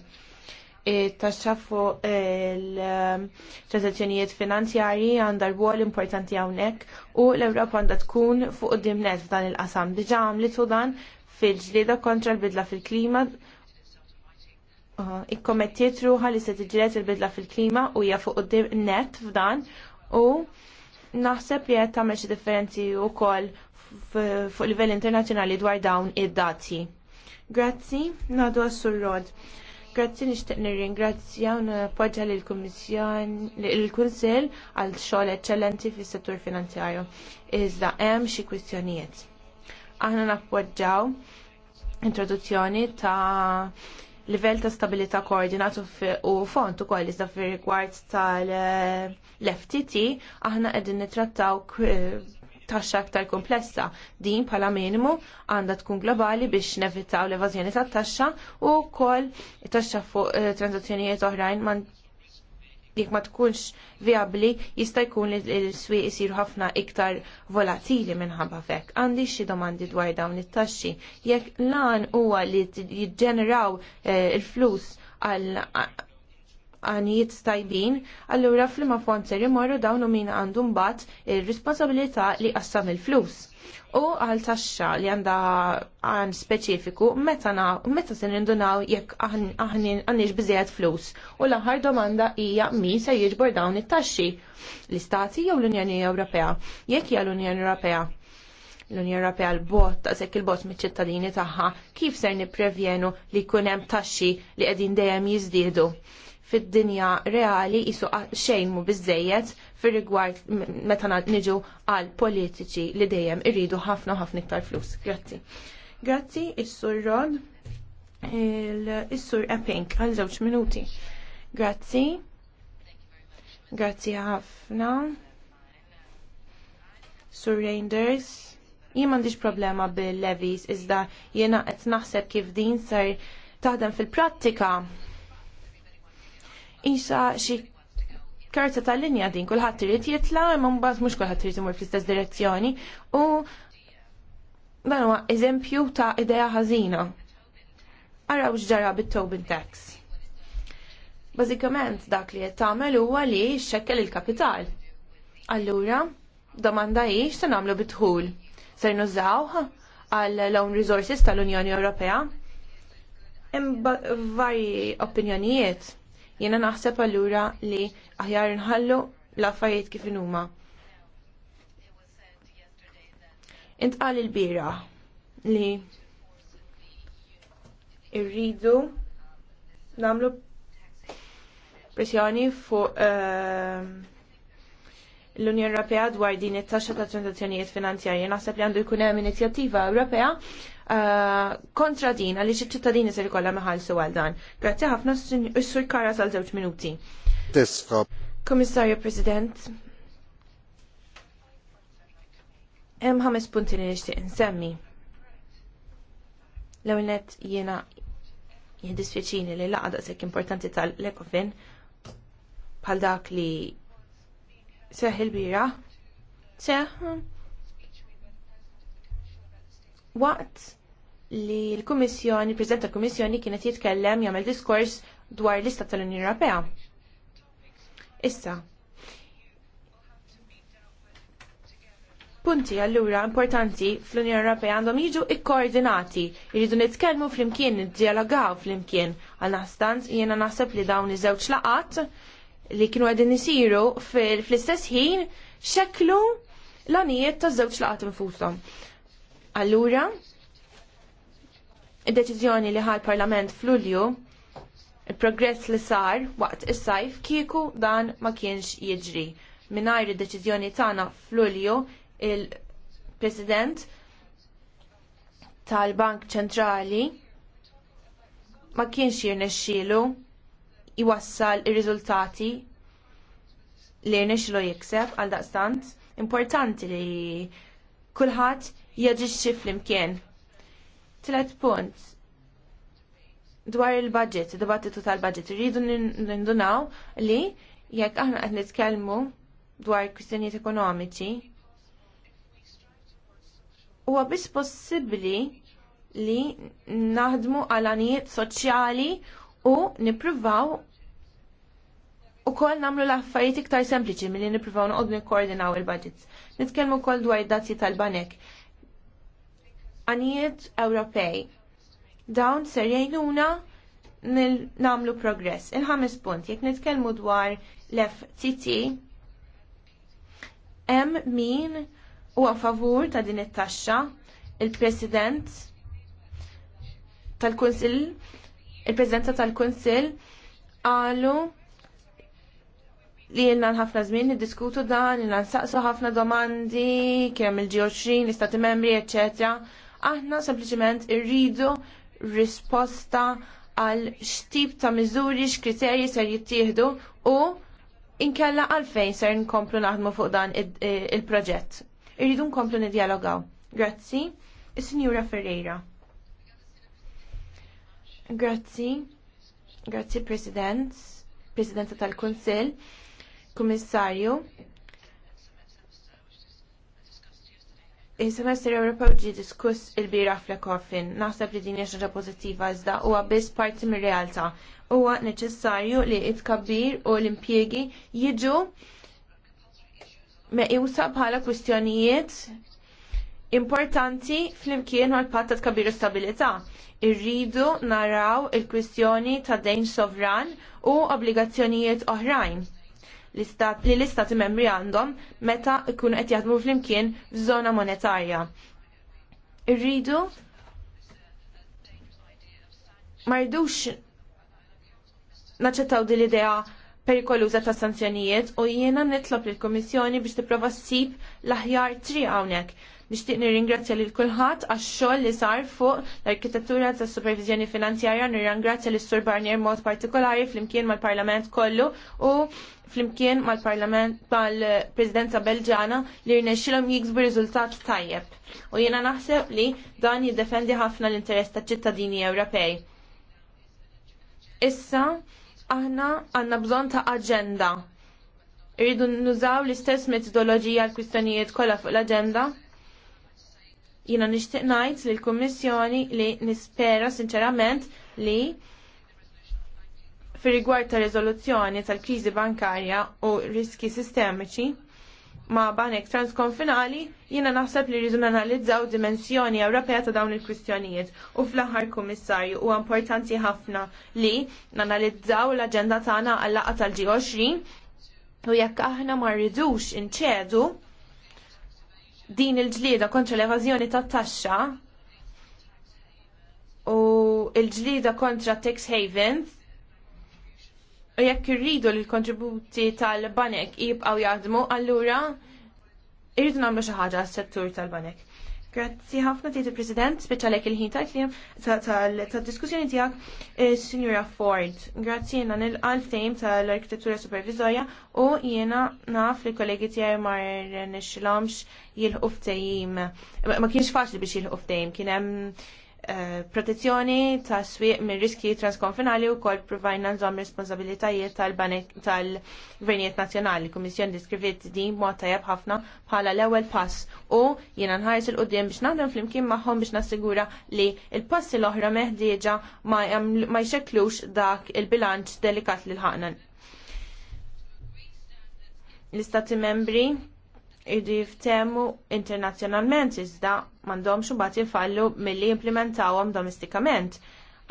Taxxa fuq il-transazzjonijiet finanzjarji għandha rwol importanti hawnhekk u l-Ewropa għandha tkun fuq dimnet f'dan il-qasam. Diġà għamlitu dan fil-ġlieda kontra l-bidla fil-klima ikkommettiet ruħa li se tiġret il-bidla fil-klima u hija fuq qudiem net f'dan u naħseb li qed tagħmel xi differenzi wkoll fuq livell internazzjonali dwar dawn id-dati. Grazzi, nadu għas-sur Rod. Grazzi nixtieq nirringrazzja u nappoġġja lill kummissjon lill-Kunsill għal xogħol eċċellenti fis-settur finanzjarju. Iżda hemm xi kwistjonijiet. Aħna nappoġġjaw introduzzjoni ta' livell ta' stabilità koordinat u font ukoll iżda fir-rigward tal-FTT aħna qegħdin nittrattaw taxxa aktar komplessa. Din bħala minimu għandha tkun globali biex nevitaw l-evażjoni tat-taxxa u wkoll taxxa fuq eh, transazzjonijiet oħrajn jekk ma tkunx viabli jista' jkun li l-swieq isir ħafna iktar volatili minħabba fek. Għandi xi domandi dwar dawn it-taxxi. Jekk lan huwa li jiġġeneraw eh, il-flus għal għanijiet stajbin, allura flima fond ser dawnu min għandu mbagħad ir responsabilita li qassam il-flus. U għal taxxa li għandha għan speċifiku meta meta se nindunaw jekk għandix biżejjed flus. U l-aħħar domanda hija min se jiġbor dawn it-taxxi, l-Istati jew l-Unjoni Ewropea. Jekk hija l-Unjoni Ewropea l-Unjoni Ewropea l-bot ta' sekk il-bot miċ-ċittadini tagħha, kif ser nipprevjenu li jkun hemm taxxi li qegħdin dejjem jiżdiedu? fid-dinja reali jisu xejn mu biżejjed fir rigward meta niġu għal politiċi li dejjem irridu ħafna ħafna iktar flus. Grazzi. Grazzi, is-sur Rod, is-sur Epping, għal żewġ minuti. Grazzi. Grazzi ħafna. Sur Reinders jien m'għandix problema bil-levis iżda jiena qed naħseb kif din ser taħdem fil-prattika isa xi karza tal-linja din kulħadd irid jitla imma mbagħad mhux kulħadd irid imur fl-istess direzzjoni u dan huwa eżempju ta' idea ħażina. Araw x'ġara bit-Tobin Tax. Bażikament dak li qed tagħmel huwa li xekkel il-kapital. Allura, domanda hi x'se nagħmlu bitħul. Se nużawh għal lawn resources tal-Unjoni Ewropea? Hemm varji opinjonijiet Jiena naħseb allura li aħjar inħallu l-affarijiet kif huma. Intqal il-bira li irridu namlu pressjoni fuq ehm, l-Unjoni Ewropea dwar din it-taxxa ta' transazzjonijiet finanzjarji. Naħseb li għandu jkun hemm inizjattiva Ewropea Eh, kontra din għaliex iċ-ċittadini ser jkollha meħalsu għal dan. Grazzi ħafna s-sur kara sal żewġ minuti. Komissarju President, hemm ħames punti li nixtieq nsemmi. L-ewwel nett jiena jiddispjaċini li laqgħa daqshekk importanti tal-Ecofin bħal dak li seħ il-bira seħ waqt li l-Kummissjoni, il-President tal-Kummissjoni kienet jitkellem jagħmel diskors dwar l-istat tal-Unjoni Ewropea. Issa. Punti allura importanti fl-Unjoni Ewropea għandhom jiġu ikkoordinati, jridu nitkellmu flimkien, niddialogaw flimkien. Għal naħstant jiena naħseb li dawn iż-żewġ laqat li kienu għedin isiru fl-istess ħin xeklu l għanijiet ta' żewġ laqat infushom. Allura, id-deċiżjoni li ħal parlament f'Lulju il-progress li sar waqt is-sajf kieku dan ma kienx jiġri. Mingħajr id-deċiżjoni tagħna f'Lulju il-President tal-Bank Ċentrali ma kienx jirnexxielu jwassal ir-riżultati li jirnexxielu jikseb għal daqstant importanti li kulħadd jaġixxi flimkien Tlet punt. Dwar il-budget, dibattitu tal-budget, rridu nindunaw li jekk aħna qed nitkellmu dwar kwistjonijiet ekonomiċi, huwa biss possibbli li naħdmu għal anijiet soċjali u nippruvaw u kol namlu laffariet iktar sempliċi mill-li noqogħdu nikkoordinaw il-budgets. Nitkelmu kol dwar id dati tal-banek għanijiet Ewropej. Dawn ser jgħinuna namlu progress. Il-ħames punt, jekk nitkellmu dwar l-FTT, hemm min huwa favur ta' din it-taxxa, il-President tal-Kunsill, il-Presidenza tal-Kunsill qalu li jenna ħafna żmien diskutu dan, jenna nsaqsu ħafna domandi, kem il-G20, l-Istati Membri, eccetera Aħna sempliċement irridu risposta għal x'tip ta' miżuri, x'kriterji ser jittieħdu u inkella għalfejn ser nkomplu naħdmu fuq dan e, il-proġett. Irridu nkomplu nidjalogaw. Grazzi. Is-Sinjura Ferreira. Grazzi. Grazzi President, Presidenta tal-Kunsill, Kummissarju. Il-semester Ewropew ġie diskuss il-bira fl-Ekofin. Naħseb li din hija xaġa pożittiva iżda huwa biss parti mir-realtà. Huwa neċessarju li t tkabbir u l-impjiegi jiġu meqjusa bħala kwistjonijiet importanti fl-imkien għal patta tkabbir u stabilita. Irridu naraw il-kwistjoni ta' dejn sovran u obbligazzjonijiet oħrajn li l-istati membri għandhom meta ikunu qed jaħdmu flimkien f'żona monetarja. Irridu ma rridux naċċettaw din l-idea perikoluża ta' sanzjonijiet u jiena nitlob lill-Kummissjoni biex tipprova ssib l-aħjar tri hawnhekk Nixtieq nirringrazzja lil kulħadd għax-xogħol li sar fuq l-arkitettura tas supervizjoni finanzjarja, nirringrazzja s Sur Barnier mod partikolari flimkien mal-Parlament kollu u flimkien mal-Parlament mal-Presidenza Belġana li rnexxilhom jiksbu riżultat tajjeb. U jiena naħseb li dan jiddefendi ħafna l-interess taċ-ċittadini Ewropej. Issa aħna għandna bżonn ta' aġenda irridu nużaw l-istess metodoloġija l-kwistjonijiet kollha fuq l-aġenda Jina nishtiq najt li l-Kommissjoni li nispera sinċerament li fir rigward ta' rezoluzzjoni tal-krizi bankarja u riski sistemiċi ma' banek transkonfinali jina naħseb li rridu nanalizzaw dimensjoni Ewropea ta' dawn il-kwistjonijiet u fl-aħħar kummissarju u importanti ħafna li nanalizzaw l-aġenda tagħna għal laqgħa tal-G20 u jekk aħna ma rridux inċedu din il-ġlieda kontra l-evażjoni tat-taxxa u l-ġlieda kontra tax havens u jekk irridu li l-kontributi tal-banek jibqgħu jaħdmu allura irridu nagħmlu xi ħaġa għas-settur tal-banek. Grazzi ħafna tieti President, Speċalek il-ħin ta' tal-diskussjoni tiegħek, eh, Signora Ford. Grazzi jiena nilqal fejm tal-arkitettura supervizorja u jiena naf li kollegi tiegħi ma nixilhomx jilħu ftehim. Ma kienx faċli biex jilħu ftehim, kien hemm Eh, protezzjoni ta' swieq minn riski transkonfinali u kol provajna nżom responsabilitajiet tal-gvernijiet tal nazjonali. Kummissjoni diskrivit din mod tajab ħafna bħala l-ewwel pass u jiena nħares il-qudiem biex naħdem flimkien magħhom biex nassigura li il-passi l-oħra meħdieġa ma jxekklux dak il-bilanċ delikat li l-ħaqna. L-istati membri irdu jiftemu internazzjonalment iżda m'għandhomx imbagħad jifallu milli jimplementawhom domestikament.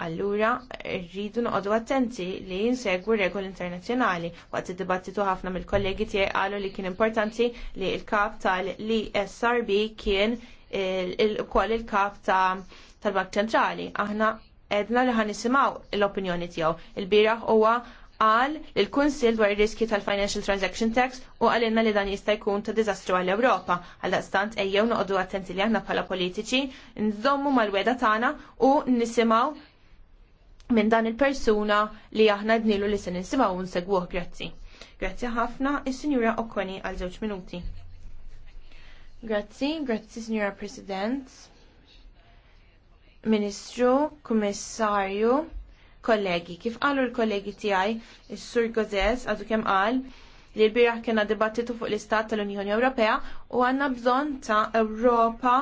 Allura rridu noqogħdu attenti li jinsegwu regoli internazzjonali. Waqt id-dibattitu ħafna mill-kollegi tiegħi qalu li kien importanti li l-kap tal isrb kien il ukoll il-kap tal-Bank Ċentrali. Aħna edna li ħanisimaw l-opinjoni tiegħu. Il-bieraħ huwa qal il-Kunsil dwar ir-riski tal-Financial Transaction Tax u għalinna li dan jista' jkun ta' diżastru għall ewropa Għaldaqstant ejjew noqogħdu attenti li aħna bħala politiċi nżommu mal-weda tagħna u nisimgħu minn dan il-persuna li aħna dnilu li se nisimgħu u nsegwuh grazzi. Grazzi ħafna is-Sinjura Okoni għal żewġ minuti. Grazzi, grazzi Sinjura President, Ministru, Kummissarju, kollegi. Kif qalu l-kollegi tiegħi, is-Sur Gozes għadu kemm qal li l-biraħ kena dibattitu fuq l-istat tal-Unjoni Ewropea u għanna bżon ta' Ewropa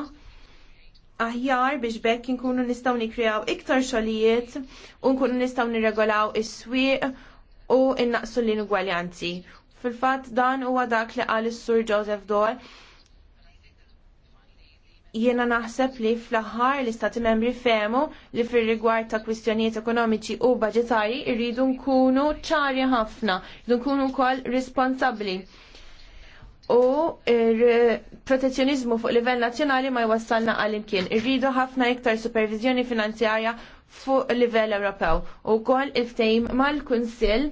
aħjar biex bekk nkunu nistaw nikrew iktar xogħlijiet u nkunu nistaw nirregolaw is-swieq u innaqsu l-inugwaljanzi. Fil-fatt dan huwa dak li qal is-Sur Joseph Dole Jiena naħseb li fl-aħħar l-istati membri femu li fir rigward ta' kwistjonijiet ekonomiċi u budgetari rridu nkunu ċari ħafna, rridu nkunu wkoll responsabbli. U protezzjonizmu fuq livell nazzjonali ma jwassalna għal-imkien. Irridu ħafna iktar supervizjoni finanzjarja fuq livell Ewropew. U wkoll il-ftehim mal-Kunsill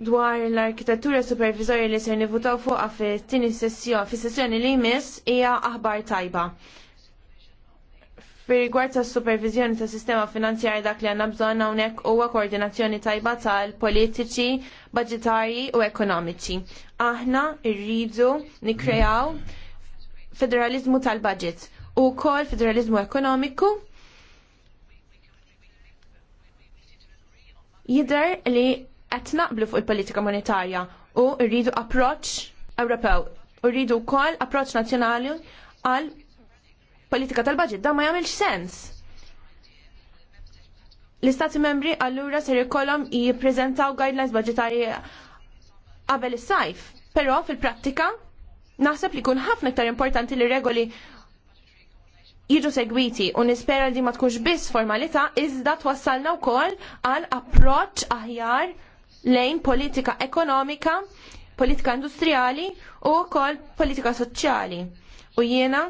dwar l-arkitettura supervizorja li ser nivutaw fuqha fit-tieni sessjoni, fis-sessjoni li jmiss hija aħbar tajba. Fir-rigward tas-supervizjoni tas sistema finanzjar dak li għandna bżonn hawnhekk huwa koordinazzjoni tajba tal-politiċi, budġetarji u ekonomiċi. Aħna rridu nikrejaw federalizmu tal-budget u wkoll federalizmu ekonomiku jidher li qed naqblu fuq il-politika monetarja u rridu approċċ Ewropew u rridu wkoll approċċ nazzjonali għal politika tal-budget dan ma jagħmilx sens. L-Istati membri allura ser ikollhom jippreżentaw guidelines budgetarji qabel is-sajf, però fil-prattika naħseb li kun ħafna iktar importanti li regoli jiġu segwiti u nispera li ma tkunx biss formalità iżda twassalna wkoll għal approċċ aħjar lejn politika ekonomika, politika industrijali u wkoll politika soċjali. U jiena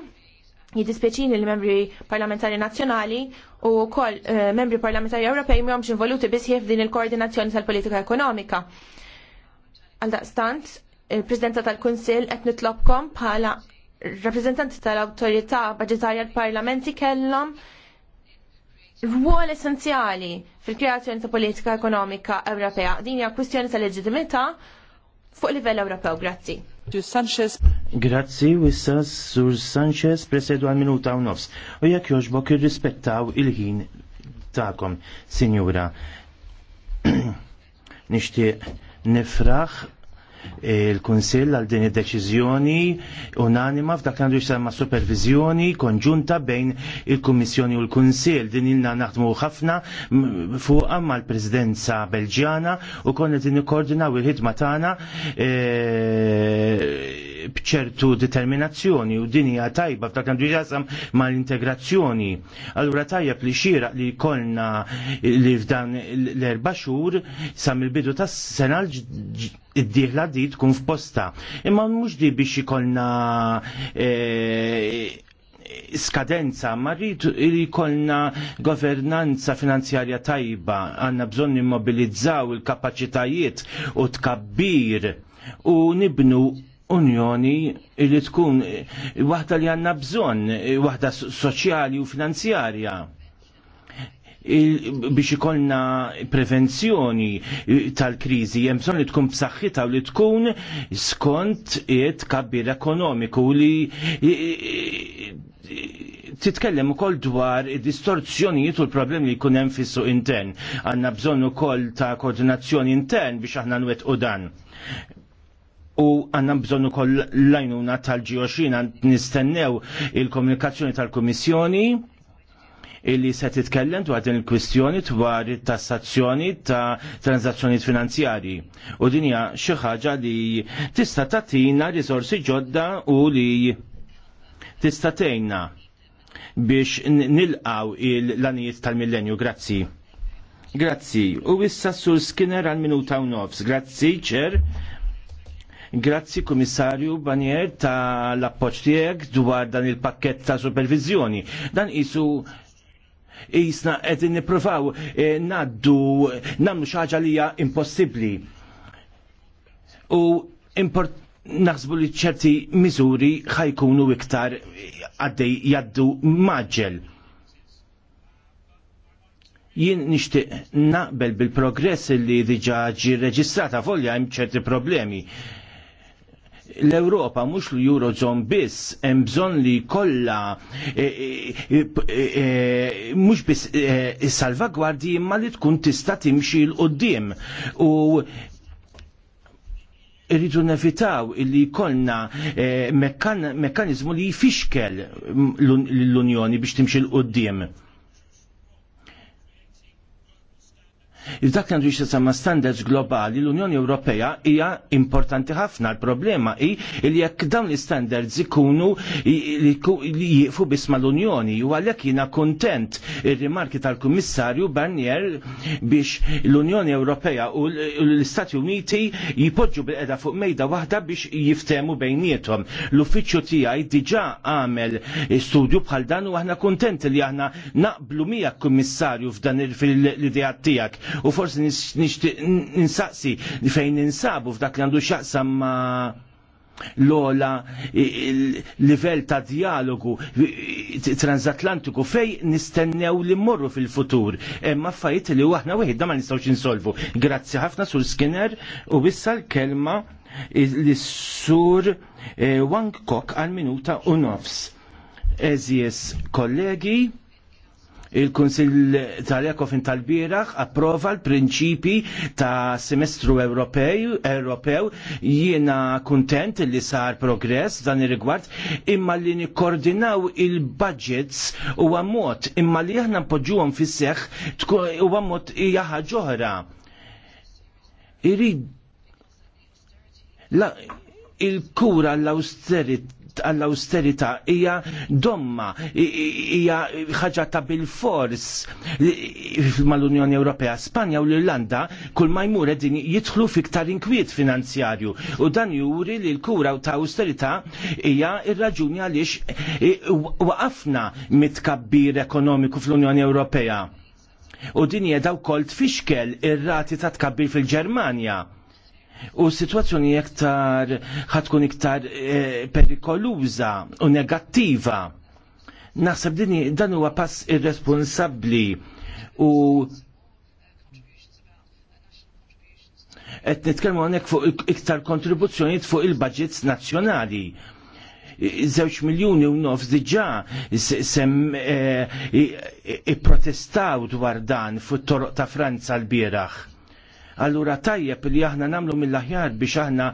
jiddispjaċini li membri parlamentari nazzjonali u wkoll uh, membri parlamentari Ewropej mhomx involuti biss din il-koordinazzjoni tal-politika ekonomika. Għaldaqstant, il-Presidenta tal-Kunsill qed nitlobkom bħala rappreżentanti tal-Awtorità Budġetarja tal parlamenti kellhom rwol essenzjali fil-kreazzjoni ta' politika ekonomika Ewropea. Din hija kwistjoni ta' leġitimità fuq livell Ewropew. Grazzi. Sanchez. Grazzi, wissa Sur Sanchez presedu għal minuta u nofs. U jekk joġbok irrispettaw il-ħin ta'kom, Sinjura. Nixtieq nifraħ il-Kunsill għal din id-deċiżjoni unanima f'dak għandu jsemma supervizjoni konġunta bejn il-Kummissjoni u l-Kunsill. Din ilna naħdmu ħafna fuq għamma l-Presidenza Belġjana u konna din u il-ħidma tagħna e, bċertu determinazzjoni u din hija tajba f'dak għandu jżasam mal-integrazzjoni. Allura tajjeb li xira li kolna li f'dan l-erba xhur sam il-bidu tas-sena id-dieħla di tkun f'posta. Imma mhux di biex ikolna e, skadenza, ma rrid ikolna governanza finanzjarja tajba, għanna bżonn immobilizzaw il-kapacitajiet u tkabbir u nibnu unjoni li tkun waħda li għanna bżonn, waħda soċjali u finanzjarja biex ikollna prevenzjoni tal-kriżi hemm bżonn li tkun b'saħħitha u li tkun skont it kabbir ekonomiku li titkellem ukoll dwar id-distorzjonijiet u l-problemi li jkun hemm fis-suq intern. Għandna bżonn ukoll ta' koordinazzjoni intern biex aħna nwettqu dan. U għandna bżonn ukoll l-għajnuna tal-ġioxin għand nistennew il-komunikazzjoni tal-Kummissjoni illi se titkellem dwar din il-kwistjoni dwar it-tassazzjoni ta' transazzjonijiet finanzjarji. U din hija xi ħaġa li tista' tagħtina riżorsi ġodda u li tista' tgħinna biex nilqaw il-lanijiet tal-millenju. Grazzi. Grazzi. U issa sur Skinner għal minuta u nofs. Grazzi, ċer. Grazzi Komissarju Banier tal appoġġ tiegħek dwar dan il-pakket ta' supervizjoni. Dan isu jisna qegħdin nippruvaw eh, naddu nagħmlu xi ħaġa li hija impossibbli. U import naħsbu li ċerti miżuri ħajkunu iktar għaddej jaddu maġġel jien nixtieq naqbel bil-progress li diġa ġi reġistrata volja hemm ċerti problemi l-Europa mhux l-Eurozone biss hemm bżonn li kollha e, e, e, mhux biss salvagwardji imma li tkun tista' timxi l qudiem u irridu nevitaw illi jkollna mekkaniżmu li jfixkel l-Unjoni biex timxi l qudiem Dak kien rix sama standards globali l-Unjoni Ewropea hija importanti ħafna. l problema hi li jekk dawn l-standards ikunu li jieqfu bisma l-Unjoni u għalhekk jiena kuntent ir-rimarki tal-Kummissarju Barnier biex l-Unjoni Ewropea u l-Istati Uniti jipoġġu bil-qeda fuq mejda waħda biex jiftemu bejniethom. L-uffiċċju tiegħi diġà għamel studju bħal dan u aħna kuntenti li aħna naqblu miegħek Kummissarju f'dan il idea tiegħek u forsi ninsaqsi fejn ninsabu f'dak li għandu xaqsam ma l-ola livell ta' dialogu transatlantiku fej nistennew li morru fil-futur. Emma fajt li waħna wieħed ma nistgħux insolvu. Grazzi ħafna sur Skinner u bissa l-kelma li sur Wang Kok għal minuta u nofs. Eżies kollegi, il-Kunsill tal-Ekofin tal-Biraħ approva l-prinċipi ta' semestru Ewropej, Ewropew jiena kuntent li sar progress dan ir-rigward imma li nikkoordinaw il-budgets u għammot imma li aħna npoġġuhom fis-seħħ u hija jaħa ġoħra. Irid la il-kura l-austerit għall-austerita hija domma, hija ħaġa ta' bil-fors mal-Unjoni Ewropea. Spanja u l-Irlanda kull ma jmur din jidħlu fiktar inkwiet finanzjarju u dan juri li l-kura ta' austerita hija ir-raġuni għaliex waqafna mitkabbir ekonomiku fl-Unjoni Ewropea. U din hija wkoll kol tfixkel ir-rati ta' tkabbir fil-Ġermanja u situazzjoni iktar tkun iktar eh, perikoluża u negattiva. Naħseb dini dan huwa pass irresponsabbli u qed nitkellmu hawnhekk fuq iktar kontribuzzjoni fuq il-budgets nazzjonali. Zewċ miljoni u nofs diġa sem eh, i-protestaw dwar dan fuq toroq ta' Franza l-bieraħ Allura tajjeb li aħna namlu mill-aħjar biex aħna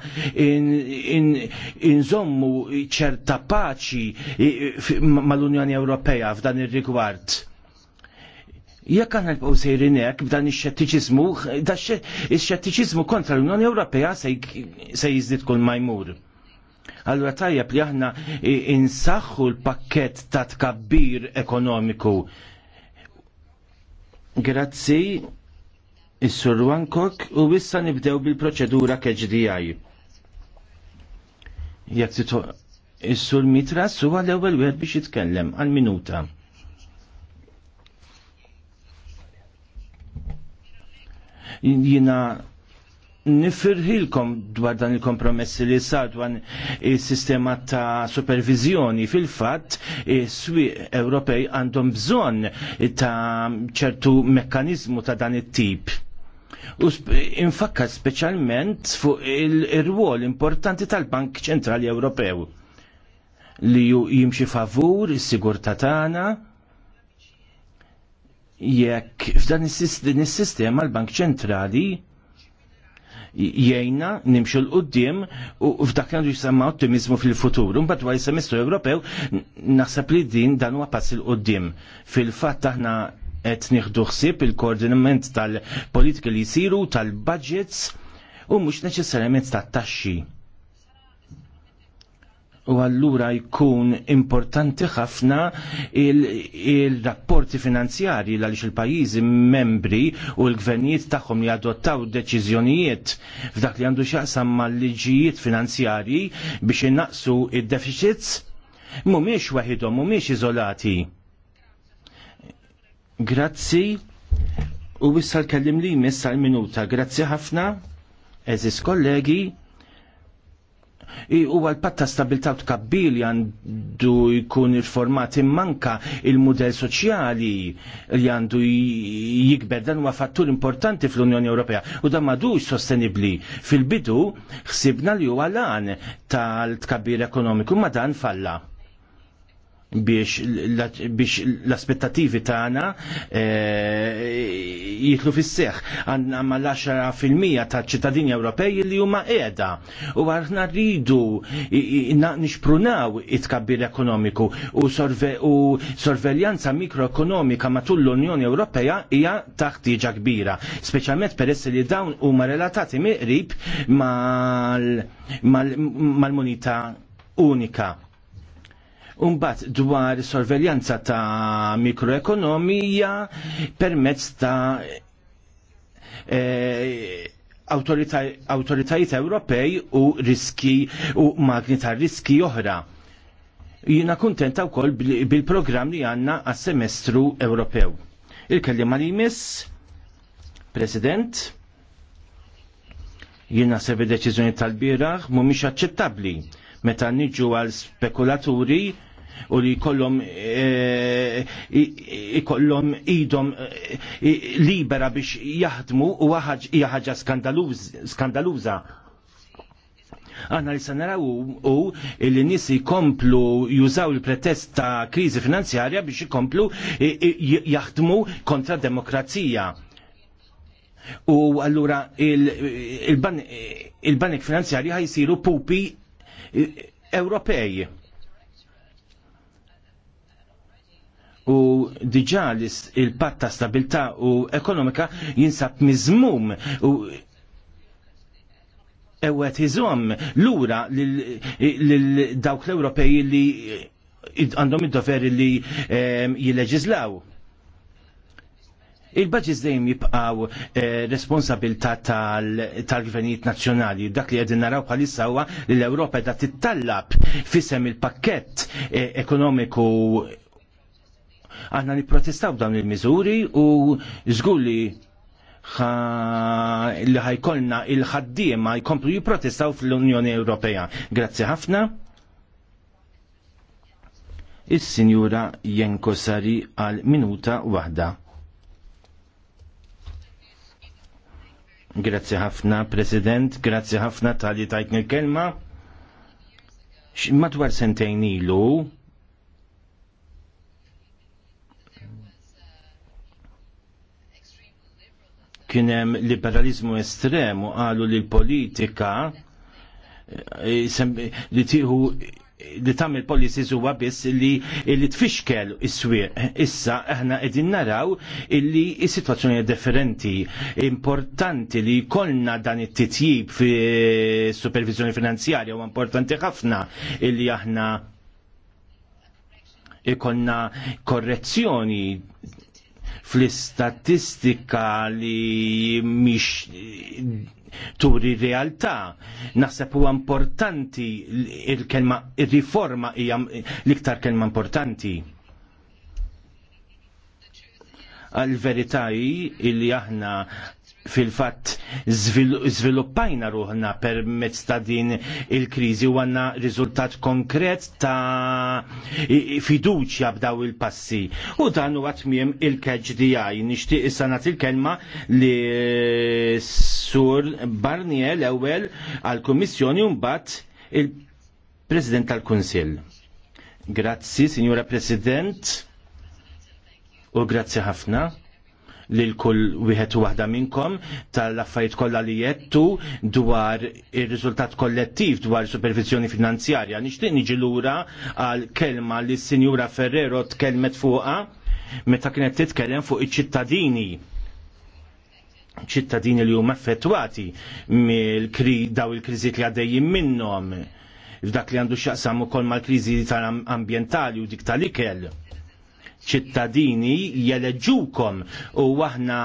inżommu ċerta paċi mal-Unjoni Ewropea f'dan ir-rigward. Jekk aħna nibqgħu sejrin hekk b'dan ix-xettiċiżmu, ix-xettiċiżmu kontra l-Unjoni Ewropea se jiżdied kull majmur. jmur. Allura tajjeb li aħna insaħħu l-pakket ta' tkabbir ekonomiku. Grazzi, Is-Sur Wankok u issa nibdew bil-proċedura KHDI. Jekk tito Is-Sur Mitra suwa l-ewwel wieħed biex jitkellem għal minuta. Jina nifirħilkom dwar dan il-kompromessi li sar dwar il-sistema ta' supervizjoni fil-fatt swi Ewropej għandhom bżonn ta' ċertu mekkanizmu ta' dan it-tip U infakka speċjalment fuq il-rwol importanti tal-Bank Ċentrali Ewropew li jimxi favur is-sigurtà tagħna jekk f'dan is-sistema l-Bank Ċentrali jgħina nimxu l-qoddim u f'dak għandu jisemma ottimizmu fil-futur. Mbagħad wara is-semestru Ewropew naħseb li din dan huwa pass il-qoddim. Fil-fatt aħna qed nieħdu ħsieb il-koordinament tal-politika li jsiru tal-budgets u mhux neċessarjament tat-taxxi. U allura jkun importanti ħafna il-rapporti il finanzjari għaliex il-pajjiżi membri u l-gvernijiet tagħhom li adottaw deċiżjonijiet f'dak li għandu x'jaqsam mal-liġijiet finanzjari biex innaqsu id-deficits mhumiex waħidhom mhumiex iżolati Grazzi u wissa l-kellim li jmissa l-minuta. Grazzi ħafna, eżis kollegi, u għal-patta stabilta u tkabbir li għandu jkun il-format immanka il model soċjali li għandu jikber dan huwa fattur importanti fl-Unjoni Ewropea u dan madux sostenibli. Fil-bidu ħsibna li huwa lan tal-tkabbir ekonomiku ma dan falla biex l-aspettativi tagħna eh, jitlu fis-seħ għandna l-10% ta' ċittadini Ewropej li huma qiegħda u aħna rridu nixprunaw it-kabbir ekonomiku u sorveljanza mikroekonomika matul l-Unjoni Ewropea hija taħt ħtiġa kbira, speċjalment peress li dawn huma relatati miqrib mal-munita unika Umbat dwar sorveljanza ta' mikroekonomija permezz ta' e, autoritajiet Ewropej u riski u magni ta' riski oħra. Jina kontenta wkoll bil-programm li għanna għas-semestru Ewropew. Il-kellim għal imis President, jina sebi deċiżjoni tal-biraħ mhumiex aċċettabbli meta niġu għal spekulaturi u li kollom eh, kollom idom eh, libera biex jaħdmu u ħaġa skandaluza. Għanna li sanaraw u li nis komplu jużaw il-pretest ta' krizi finanzjarja biex jkomplu eh, jaħdmu kontra demokrazija. U allura il-banek finanzjarja ħajsiru pupi Ewropej u diġa il-patta stabilta u ekonomika jinsab mizmum u ewet jizom l-ura l-dawk l-Ewropej li għandhom id-doveri li ehm, jileġizlaw. Il-budgets dejjem jibqaw eh, responsabilità tal-gvernijiet nazzjonali. Dak li qegħdin naraw bħalissa huwa li l-Ewropa qed tittallab fisem il-pakkett eh, ekonomiku Aħna nipprotestaw dawn il-miżuri u żgur li li ħajkolna il-ħaddiema jkomplu jipprotestaw fl-Unjoni Ewropea. Grazzi ħafna. Is-Sinjura Jenko Sari għal minuta waħda. Grazzi ħafna, President, grazzi ħafna tal-li tajtni l-kelma. Madwar sentejn ilu, kienem liberalizmu estrem u għalu li l-politika eh, li tiħu li tamil policies huwa biss li li tfixkel is-swieq. Issa aħna qegħdin naraw illi is-sitwazzjoni differenti. Importanti li jkollna dan it-titjib fi supervizjoni finanzjarja huwa importanti ħafna illi aħna ikollna korrezzjoni fl-istatistika li mhix turi realtà. Naħseb huwa importanti il-kelma ir-riforma hija l-iktar kelma importanti. Għal-verità li aħna fil-fatt zviluppajna ruħna permezz ta' din il-kriżi u għanna riżultat konkret ta' fiduċja b'daw il-passi. U dan huwa tmiem il-KHDI. Nixtieq issa nagħti il-kelma li sur Barnier l-ewwel għall-Kummissjoni un mbagħad il-President tal-Kunsill. Grazzi, Signora President, u grazzi ħafna lil kull wieħed u waħda minnkom tal-affarijiet kollha li jettu dwar ir-riżultat kollettiv dwar supervizjoni finanzjarja. Nixtieq niġi lura għal kelma li s-Sinjura Ferrero tkellmet fuqha meta kienet titkellem fuq iċ-ċittadini ċittadini li huma effettwati mill-kri daw il-kriżiet li għaddejjin minnhom f'dak li għandu x'jaqsam ukoll mal-kriżi tal-ambjentali u dik tal-ikel ċittadini jeleġukom u aħna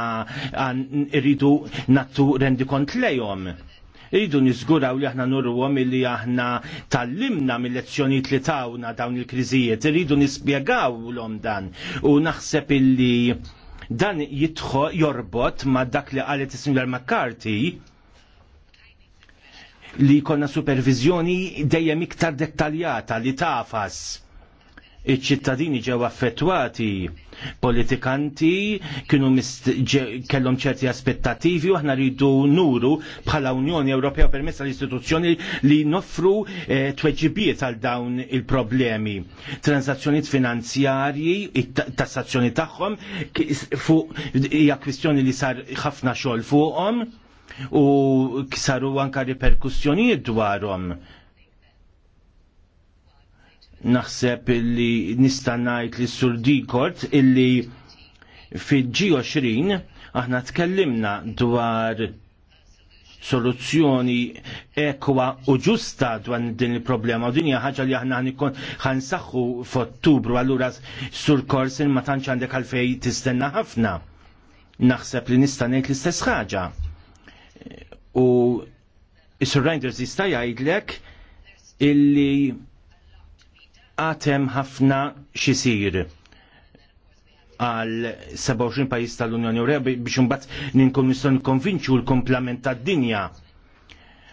rridu nattu rendikont lejhom. Rridu niżguraw li aħna nurruhom li aħna tallimna mill-lezzjonijiet li tawna dawn il-kriżijiet, irridu nispjegawlhom dan u naħseb illi dan jitħo jorbot ma dak li qalet is sinjur McCarthy li konna supervizjoni dejjem iktar dettaljata li tafas iċ-ċittadini ġew affettwati, politikanti kienu kellhom ċerti aspettativi u aħna rridu nuru bħala Unjoni Ewropea permezz għall istituzzjoni li noffru eh, tweġibiet għal dawn il-problemi. Transazzjonijiet finanzjarji, tassazzjoni tagħhom fuq hija kwistjoni li sar ħafna xogħol fuqhom u saru anka riperkussjonijiet dwarhom naħseb illi nista' ngħid li sur Dikort illi fil-G20 aħna tkellimna dwar soluzzjoni ekwa u ġusta dwar din il-problema u dinja ħaġa li aħna ħansaħħu f'Ottubru allura sur Korsin ma tantx għandek għalfej tistenna ħafna. Naħseb li nista' ngħid l-istess ħaġa. U is-Surrenders jista' jgħidlek illi għatem ħafna xisir għal 27 pajis tal-Unjoni Ewropea biex imbagħad ninkun nistgħu nikkonvinċu l kumplament tad-dinja.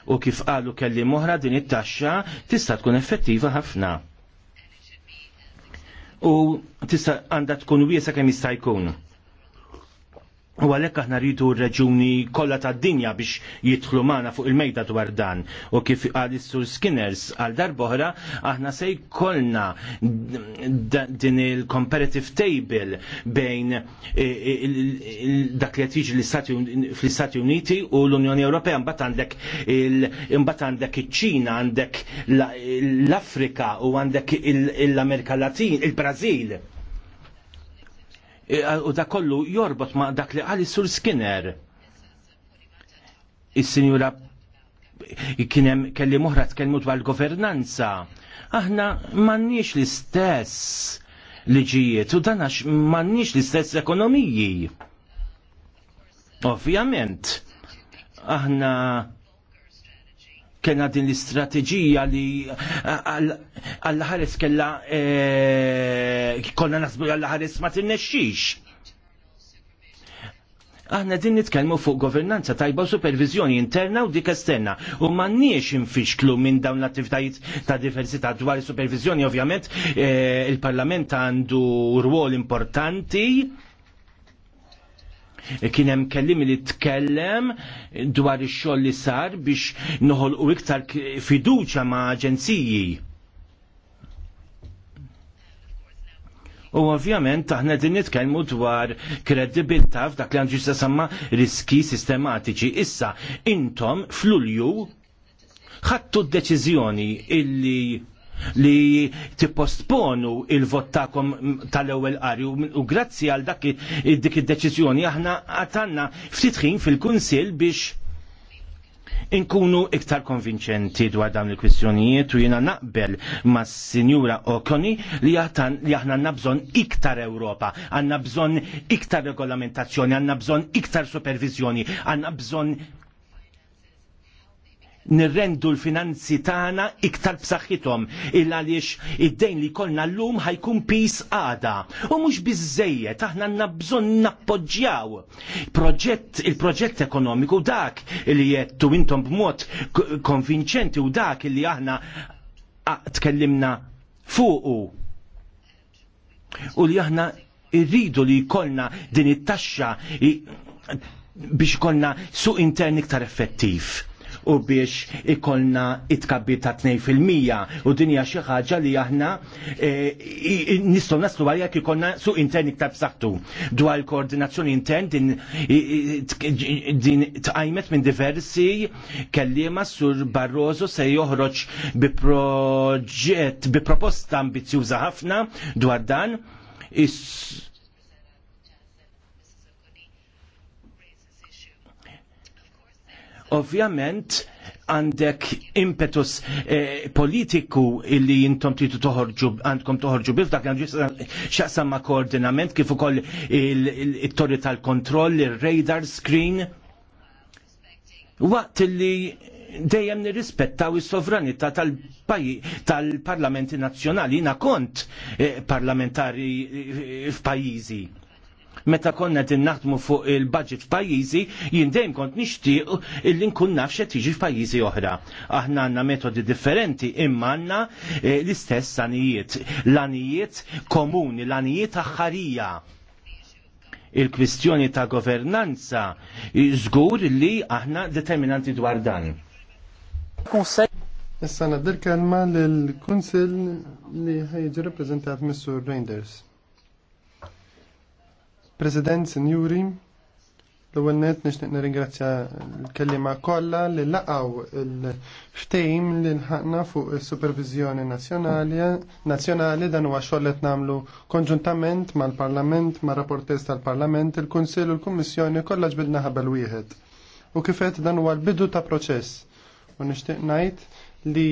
U kif qalu kelli moħra din it-taxxa tista' tkun effettiva ħafna. U tista' għandha tkun wiesa kemm jista' jkun U għalhekk aħna rridu r-reġuni kollha tad-dinja biex jidħlu magħna fuq il-mejda dwar dan. U kif qal is-Sur Skinners għal darb'oħra aħna se jkollna din il-comparative table bejn dak li qed jiġi fl-Istati Uniti u l-Unjoni Ewropea mbagħad għandek il-mbagħad għandek iċ-Ċina, għandek l-Afrika u għandek l-Amerika Latin, il-Brażil. il brażil u da kollu jorbot ma dak li għali sur Skinner. Is-sinjura kienem kelli muħra tkellmu dwar governanza. Aħna m'għandniex l-istess liġijiet u dan għax m'għandniex l-istess ekonomiji. Ovvjament, aħna kena din l-istrateġija li għall-ħares kella e, konna nasbu għall-ħares ma tinnexxix. Aħna din nitkellmu fuq governanza tajba u supervizjoni interna u dik esterna u m'għandniex infixklu minn dawn l-attivitajiet ta' diversità dwar supervizjoni ovvjament e, il-Parlament għandu rwol importanti Kien hemm kellim li tkellem dwar ix-xogħol li sar biex noħolqu iktar fiduċja ma' aġenziji. U ovvjament aħna din nitkellmu dwar kredibilità f'dak li għandu samma riski sistematiċi. Issa intom fl-ulju ħattu d-deċiżjoni illi li tipostponu il-vot tal-ewwel qari u grazzi għal dak dik id-deċiżjoni aħna għatanna ftit ħin fil-Kunsill biex inkunu iktar konvinċenti dwar dawn il-kwistjonijiet u jiena naqbel mas sinjura Okoni li jatan li aħna għandna bżonn iktar Ewropa, għandna bżonn iktar regolamentazzjoni, għandna bżonn iktar supervizjoni, għandna bżonn nirrendu l-finanzi tagħna iktar b'saħħithom il għaliex id-dejn li kollna llum ħajkun pis għada. U mhux biżejjed aħna għandna bżonn nappoġġjaw proġett il-proġett ekonomiku dak li jettu intom b'mod konvinċenti u dak li aħna tkellimna fuqu. U li aħna irridu li jkollna din it-taxxa biex kollna suq intern iktar effettiv u biex ikolna itkabbi ta' 2% u dinja xi ħaġa li aħna eh, nistgħu naslu għalija jekk ikolna suq intern iktar b'saħħtu. Dwar il-koordinazzjoni intern din tqajmet minn diversi kelliema sur Barroso se joħroġ bi proġett bi proposta ambizjuża ħafna dwar dan Ovvjament, għandek impetus eh, politiku illi jintom titu toħorġu, għandkom toħorġu bif dak għandu xaqsam ma' koordinament kif ukoll il-torri tal-kontroll, il-radar screen. Waqt illi dejjem nirrispettaw is-sovranità tal-parlamenti tal nazzjonali, jina kont eh, parlamentari eh, f'pajjiżi meta konna qed naħdmu fuq il-budget f'pajjiżi jien dejjem kont nixtieq illi nkun naf x'qed tiġi f'pajjiżi oħra. Aħna għandna metodi differenti imma għandna eh, l-istess anijiet, l-anijiet komuni, l-anijiet aħħarija il-kwistjoni ta' governanza żgur li aħna determinanti dwar dan. Issa nadir kelma l li ħajġi rappreżentat Mr. Reinders. President, Sinjuri, l-ewwel net nixtieq nirringrazzja l-kellima kollha li laqgħu l-ftejm li nħaqna fuq is-supervizjoni nazzjonali dan huwa xogħol qed nagħmlu konġuntament mal-Parlament, mar rapportez tal-Parlament, il-Kunsill u l-Kummissjoni kolla ġbidna ħabel wieħed. U kifet dan huwa l-bidu ta' proċess u nixtieq ngħid li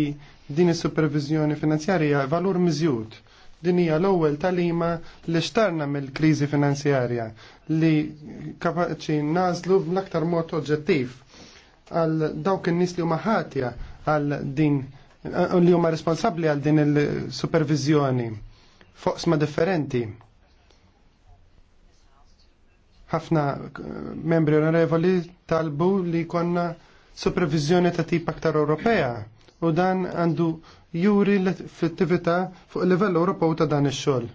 din il supervizjoni finanzjarija valur miżjud Din hija l-ewwel talima li xtarna mill-kriżi finanzjarja li kapaċi nażlu b'aktar mod oġġettiv għal dawk in-nies li huma ħatja għal din li huma responsabbli għal din il-supervizjoni sma differenti. Ħafna membri onorevoli talbu li konna supervizjoni ta' tip aktar Ewropea u dan għandu juri l-effettività fuq il-livell Ewropew ta' dan ix-xogħol.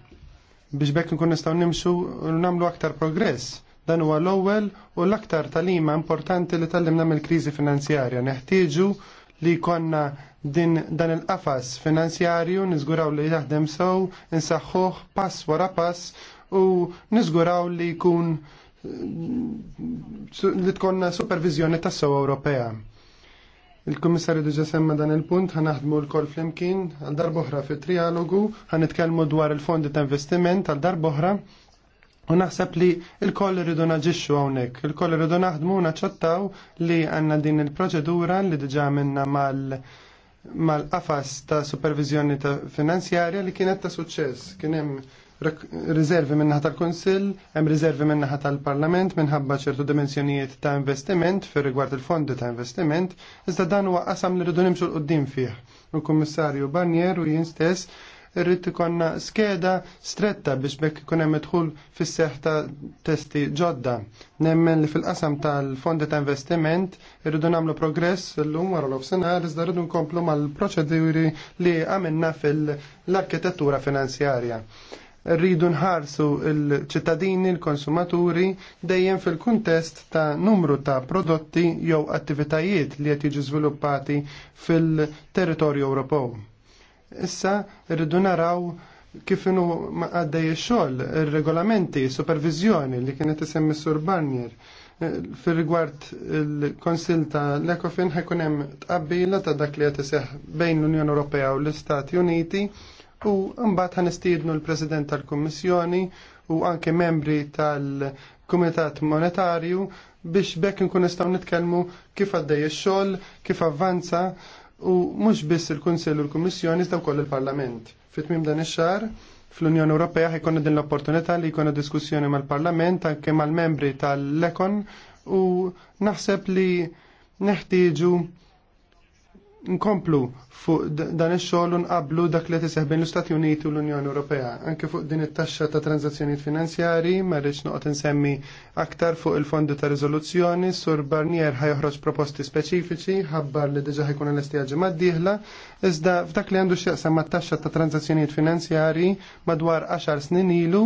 Biex bekk nkun nistgħu nimxu u nagħmlu aktar progress. Dan huwa l-ewwel u l-aktar talima importanti li tallimna mill-kriżi finanzjarja. Neħtieġu li konna din dan il-qafas finanzjarju niżguraw li jaħdem sew, insaħħuh pass wara pass u niżguraw li jkun li tkonna supervizjoni tas-sew Ewropea Il-Kummissarju diġa semma dan il-punt ħanaħdmu l-kol flimkien għal darboħra fit trialogu ħanitkellmu dwar il-fondi ta' investiment għal darboħra u naħseb li il-koll irridu naġixxu hawnhekk, il-koll irridu naħdmu naċċettaw li għandna din il-proċedura li diġa minna mal mal-qafas ta' supervizjoni ta' finanzjarja li kienet ta' suċċess. Kien hemm riservi minnaħa tal-Konsil, hemm riservi minnaħa tal-Parlament minħabba ċertu dimensjonijiet ta' investiment fir rigward il-fondi ta' investiment, iżda dan huwa qasam li rridu nimxu l-qoddim fih. Il-Kummissarju Barnier u jien stess rrid ikonna skeda stretta biex bekk ikun hemm idħul fis-seħħ ta' testi ġodda. Nemmen li fil-qasam tal-fondi ta' investiment irridu nagħmlu progress llum wara l ofsenar iżda rridu nkomplu mal-proċeduri li għamilna fil-arkitettura finanzjarja rridu nħarsu l-ċittadini, l-konsumaturi dejjem fil-kuntest ta' numru ta' prodotti jew attivitajiet li qed jiġi żviluppati fil-territorju Ewropew. Issa rridu naraw kif inhu għaddej ix-xogħol, ir-regolamenti, supervizjoni li kienet isemmi Sur Barnier fil rigward il-Konsil ta' l-Ekofin ħekunem hemm tqabbila ta' dak li qed iseħħ bejn l-Unjoni Ewropea u l-Istati Uniti u mbagħad ħanistiednu l-President tal-Kummissjoni u anke membri tal-Kumitat Monetarju biex bekk nkun nistgħu nitkellmu kif għaddej ix-xogħol, kif avvanza u mhux biss il kunsell u l-Kummissjoni iżda wkoll il-Parlament. Fit-tmiem dan ix-xahar fl-Unjoni Ewropea ħajkun din l-opportunità li jkollna diskussjoni mal-Parlament anke mal-membri tal-Lekon u naħseb li neħtieġu nkomplu fuq dan ix-xogħol unqablu dak li tiseħ bejn l-Istati Uniti u l-Unjoni Ewropea. Anke fuq din it-taxxa ta' tranzazzjonijiet finanzjarji rridx noqgħod insemmi aktar fuq il-fondi ta' riżoluzzjoni, sur Barnier ħajoħroġ proposti speċifiċi, ħabbar li diġà ħajkun l-estijaġi d dieħla iżda f'dak li għandu x'jaqsam mat-taxxa ta' tranzazzjonijiet finanzjarji madwar 10 snin ilu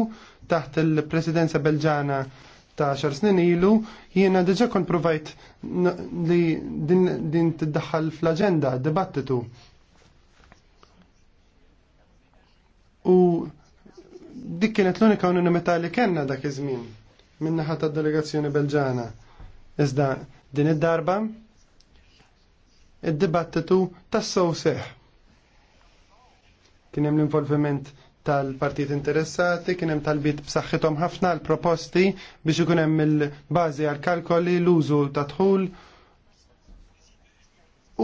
taħt il-Presidenza Belġana ta' xar snin ilu jiena diġa kon provajt li din, din tiddaħħal fl-agenda, dibattitu. U dik kienet l-unika unanimità li kellna dak iż-żmien min-naħa tad delegazzjoni Belġana. Iżda din id-darba id-dibattitu tas-sow seħ. Kien hemm l-involviment tal-partit interessati, kien hemm talbit b'saħħithom ħafna l-proposti biex ikun hemm il-bażi għal kalkoli l-użu ta' dħul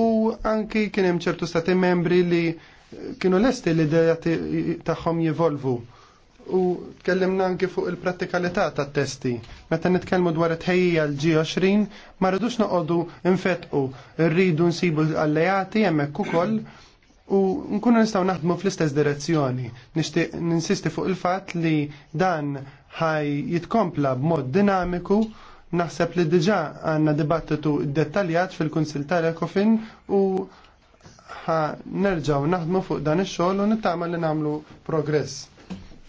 u anki kien hemm ċertu stati membri li kienu lesti li idea tagħhom jivolvu. U tkellimna anki fuq il-prattikalità tat-testi. Meta nitkellmu dwar it-ħejja l-G20 ma rridux noqogħdu infetqu, rridu nsibu alleati hemmhekk ukoll u nkunu nistgħu naħdmu fl-istess direzzjoni. Nixtieq ninsisti fuq il-fatt li dan ħaj jitkompla b'mod dinamiku naħseb li diġà għandna dibattitu dettaljat fil-Kunsil tal-Ekofin u ħa nerġaw naħdmu fuq dan ix-xogħol u nittama li nagħmlu progress.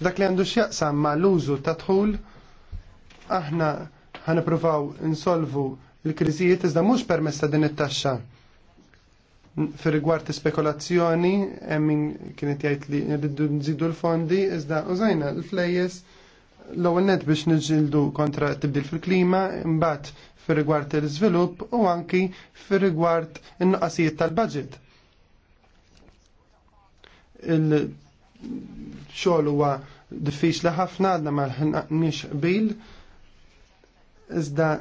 Dak li għandu x'jaqsam ma' l-użu ta' dħul aħna ħanipruvaw insolvu l-kriżijiet iżda mhux permessa ta' din it-taxxa fir rigward spekulazzjoni hemm min kienet jgħid li rridu nżidu l-fondi iżda użajna l-flejjes l-ewwel net biex niġildu kontra tibdil fil-klima, imbagħad fir rigward l-iżvilupp u anki fir rigward in-nuqqasijiet tal-budget. Il-xogħol huwa diffiċli ħafna għadna ma ħnaqniex bil. Iżda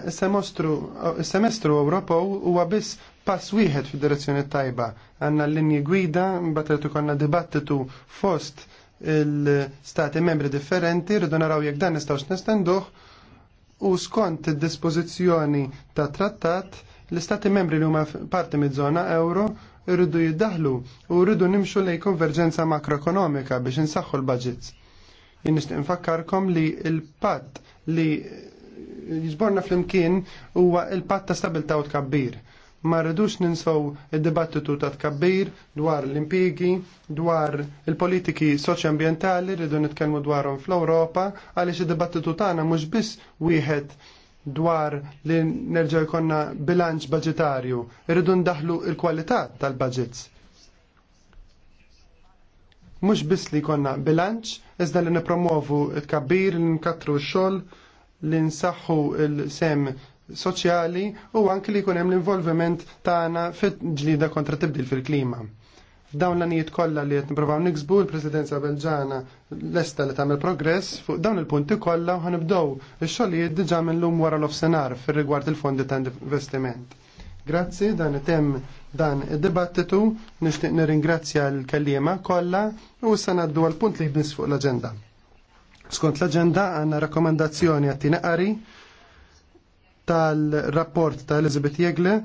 il-semestru Ewropew huwa biss pass wieħed fid-direzzjoni tajba. Għandna l-linji gwida, mbagħad irid ikollna dibattitu fost il-stati membri differenti, rridu naraw jekk dan nistgħux nestenduh u skont id-dispożizzjoni ta' trattat l-istati membri li huma parti mid-żona euro rridu jiddaħlu u rridu nimxu lej konverġenza makroekonomika biex insaħħu l-budgets. Jien nixtieq infakkarkom li l-patt li fl flimkien huwa il-patt ta' stabilta' u tkabbir. Ma rridux ninsaw id-dibattitu ta' tkabbir dwar l-impigi, dwar il-politiki soċjambientali rridu nitkellmu dwarhom fl-Ewropa għaliex id-dibattitu tagħna mhux biss wieħed dwar li nerġa' jkollna bilanċ budgetarju, Rridu ndaħlu il-kwalità tal-budgets. Mhux biss li jkollna bilanċ, iżda li nipromovu t kabbir li nkatru x-xogħol li nsaħħu il-sem soċjali u anki li jkun hemm l-involviment tagħna fil-ġlida kontra tibdil fil-klima. F'dawn l-anijiet kollha li qed nippruvaw niksbu l-Presidenza Belġana lesta li tagħmel progress fuq dawn il-punti kollha u ħanibdew ix-xogħlijiet diġà minnhom wara l-offsenar fir-rigward il-fondi ta' investiment. Grazzi dan item dan id-dibattitu nixtieq nirringrazzja l-kellima kollha u issa ngħaddu għall-punt li jbnis fuq l-aġenda. Skont l-agenda għanna rakkomandazzjoni għattina qari tal-rapport tal-Elizabeth Jegle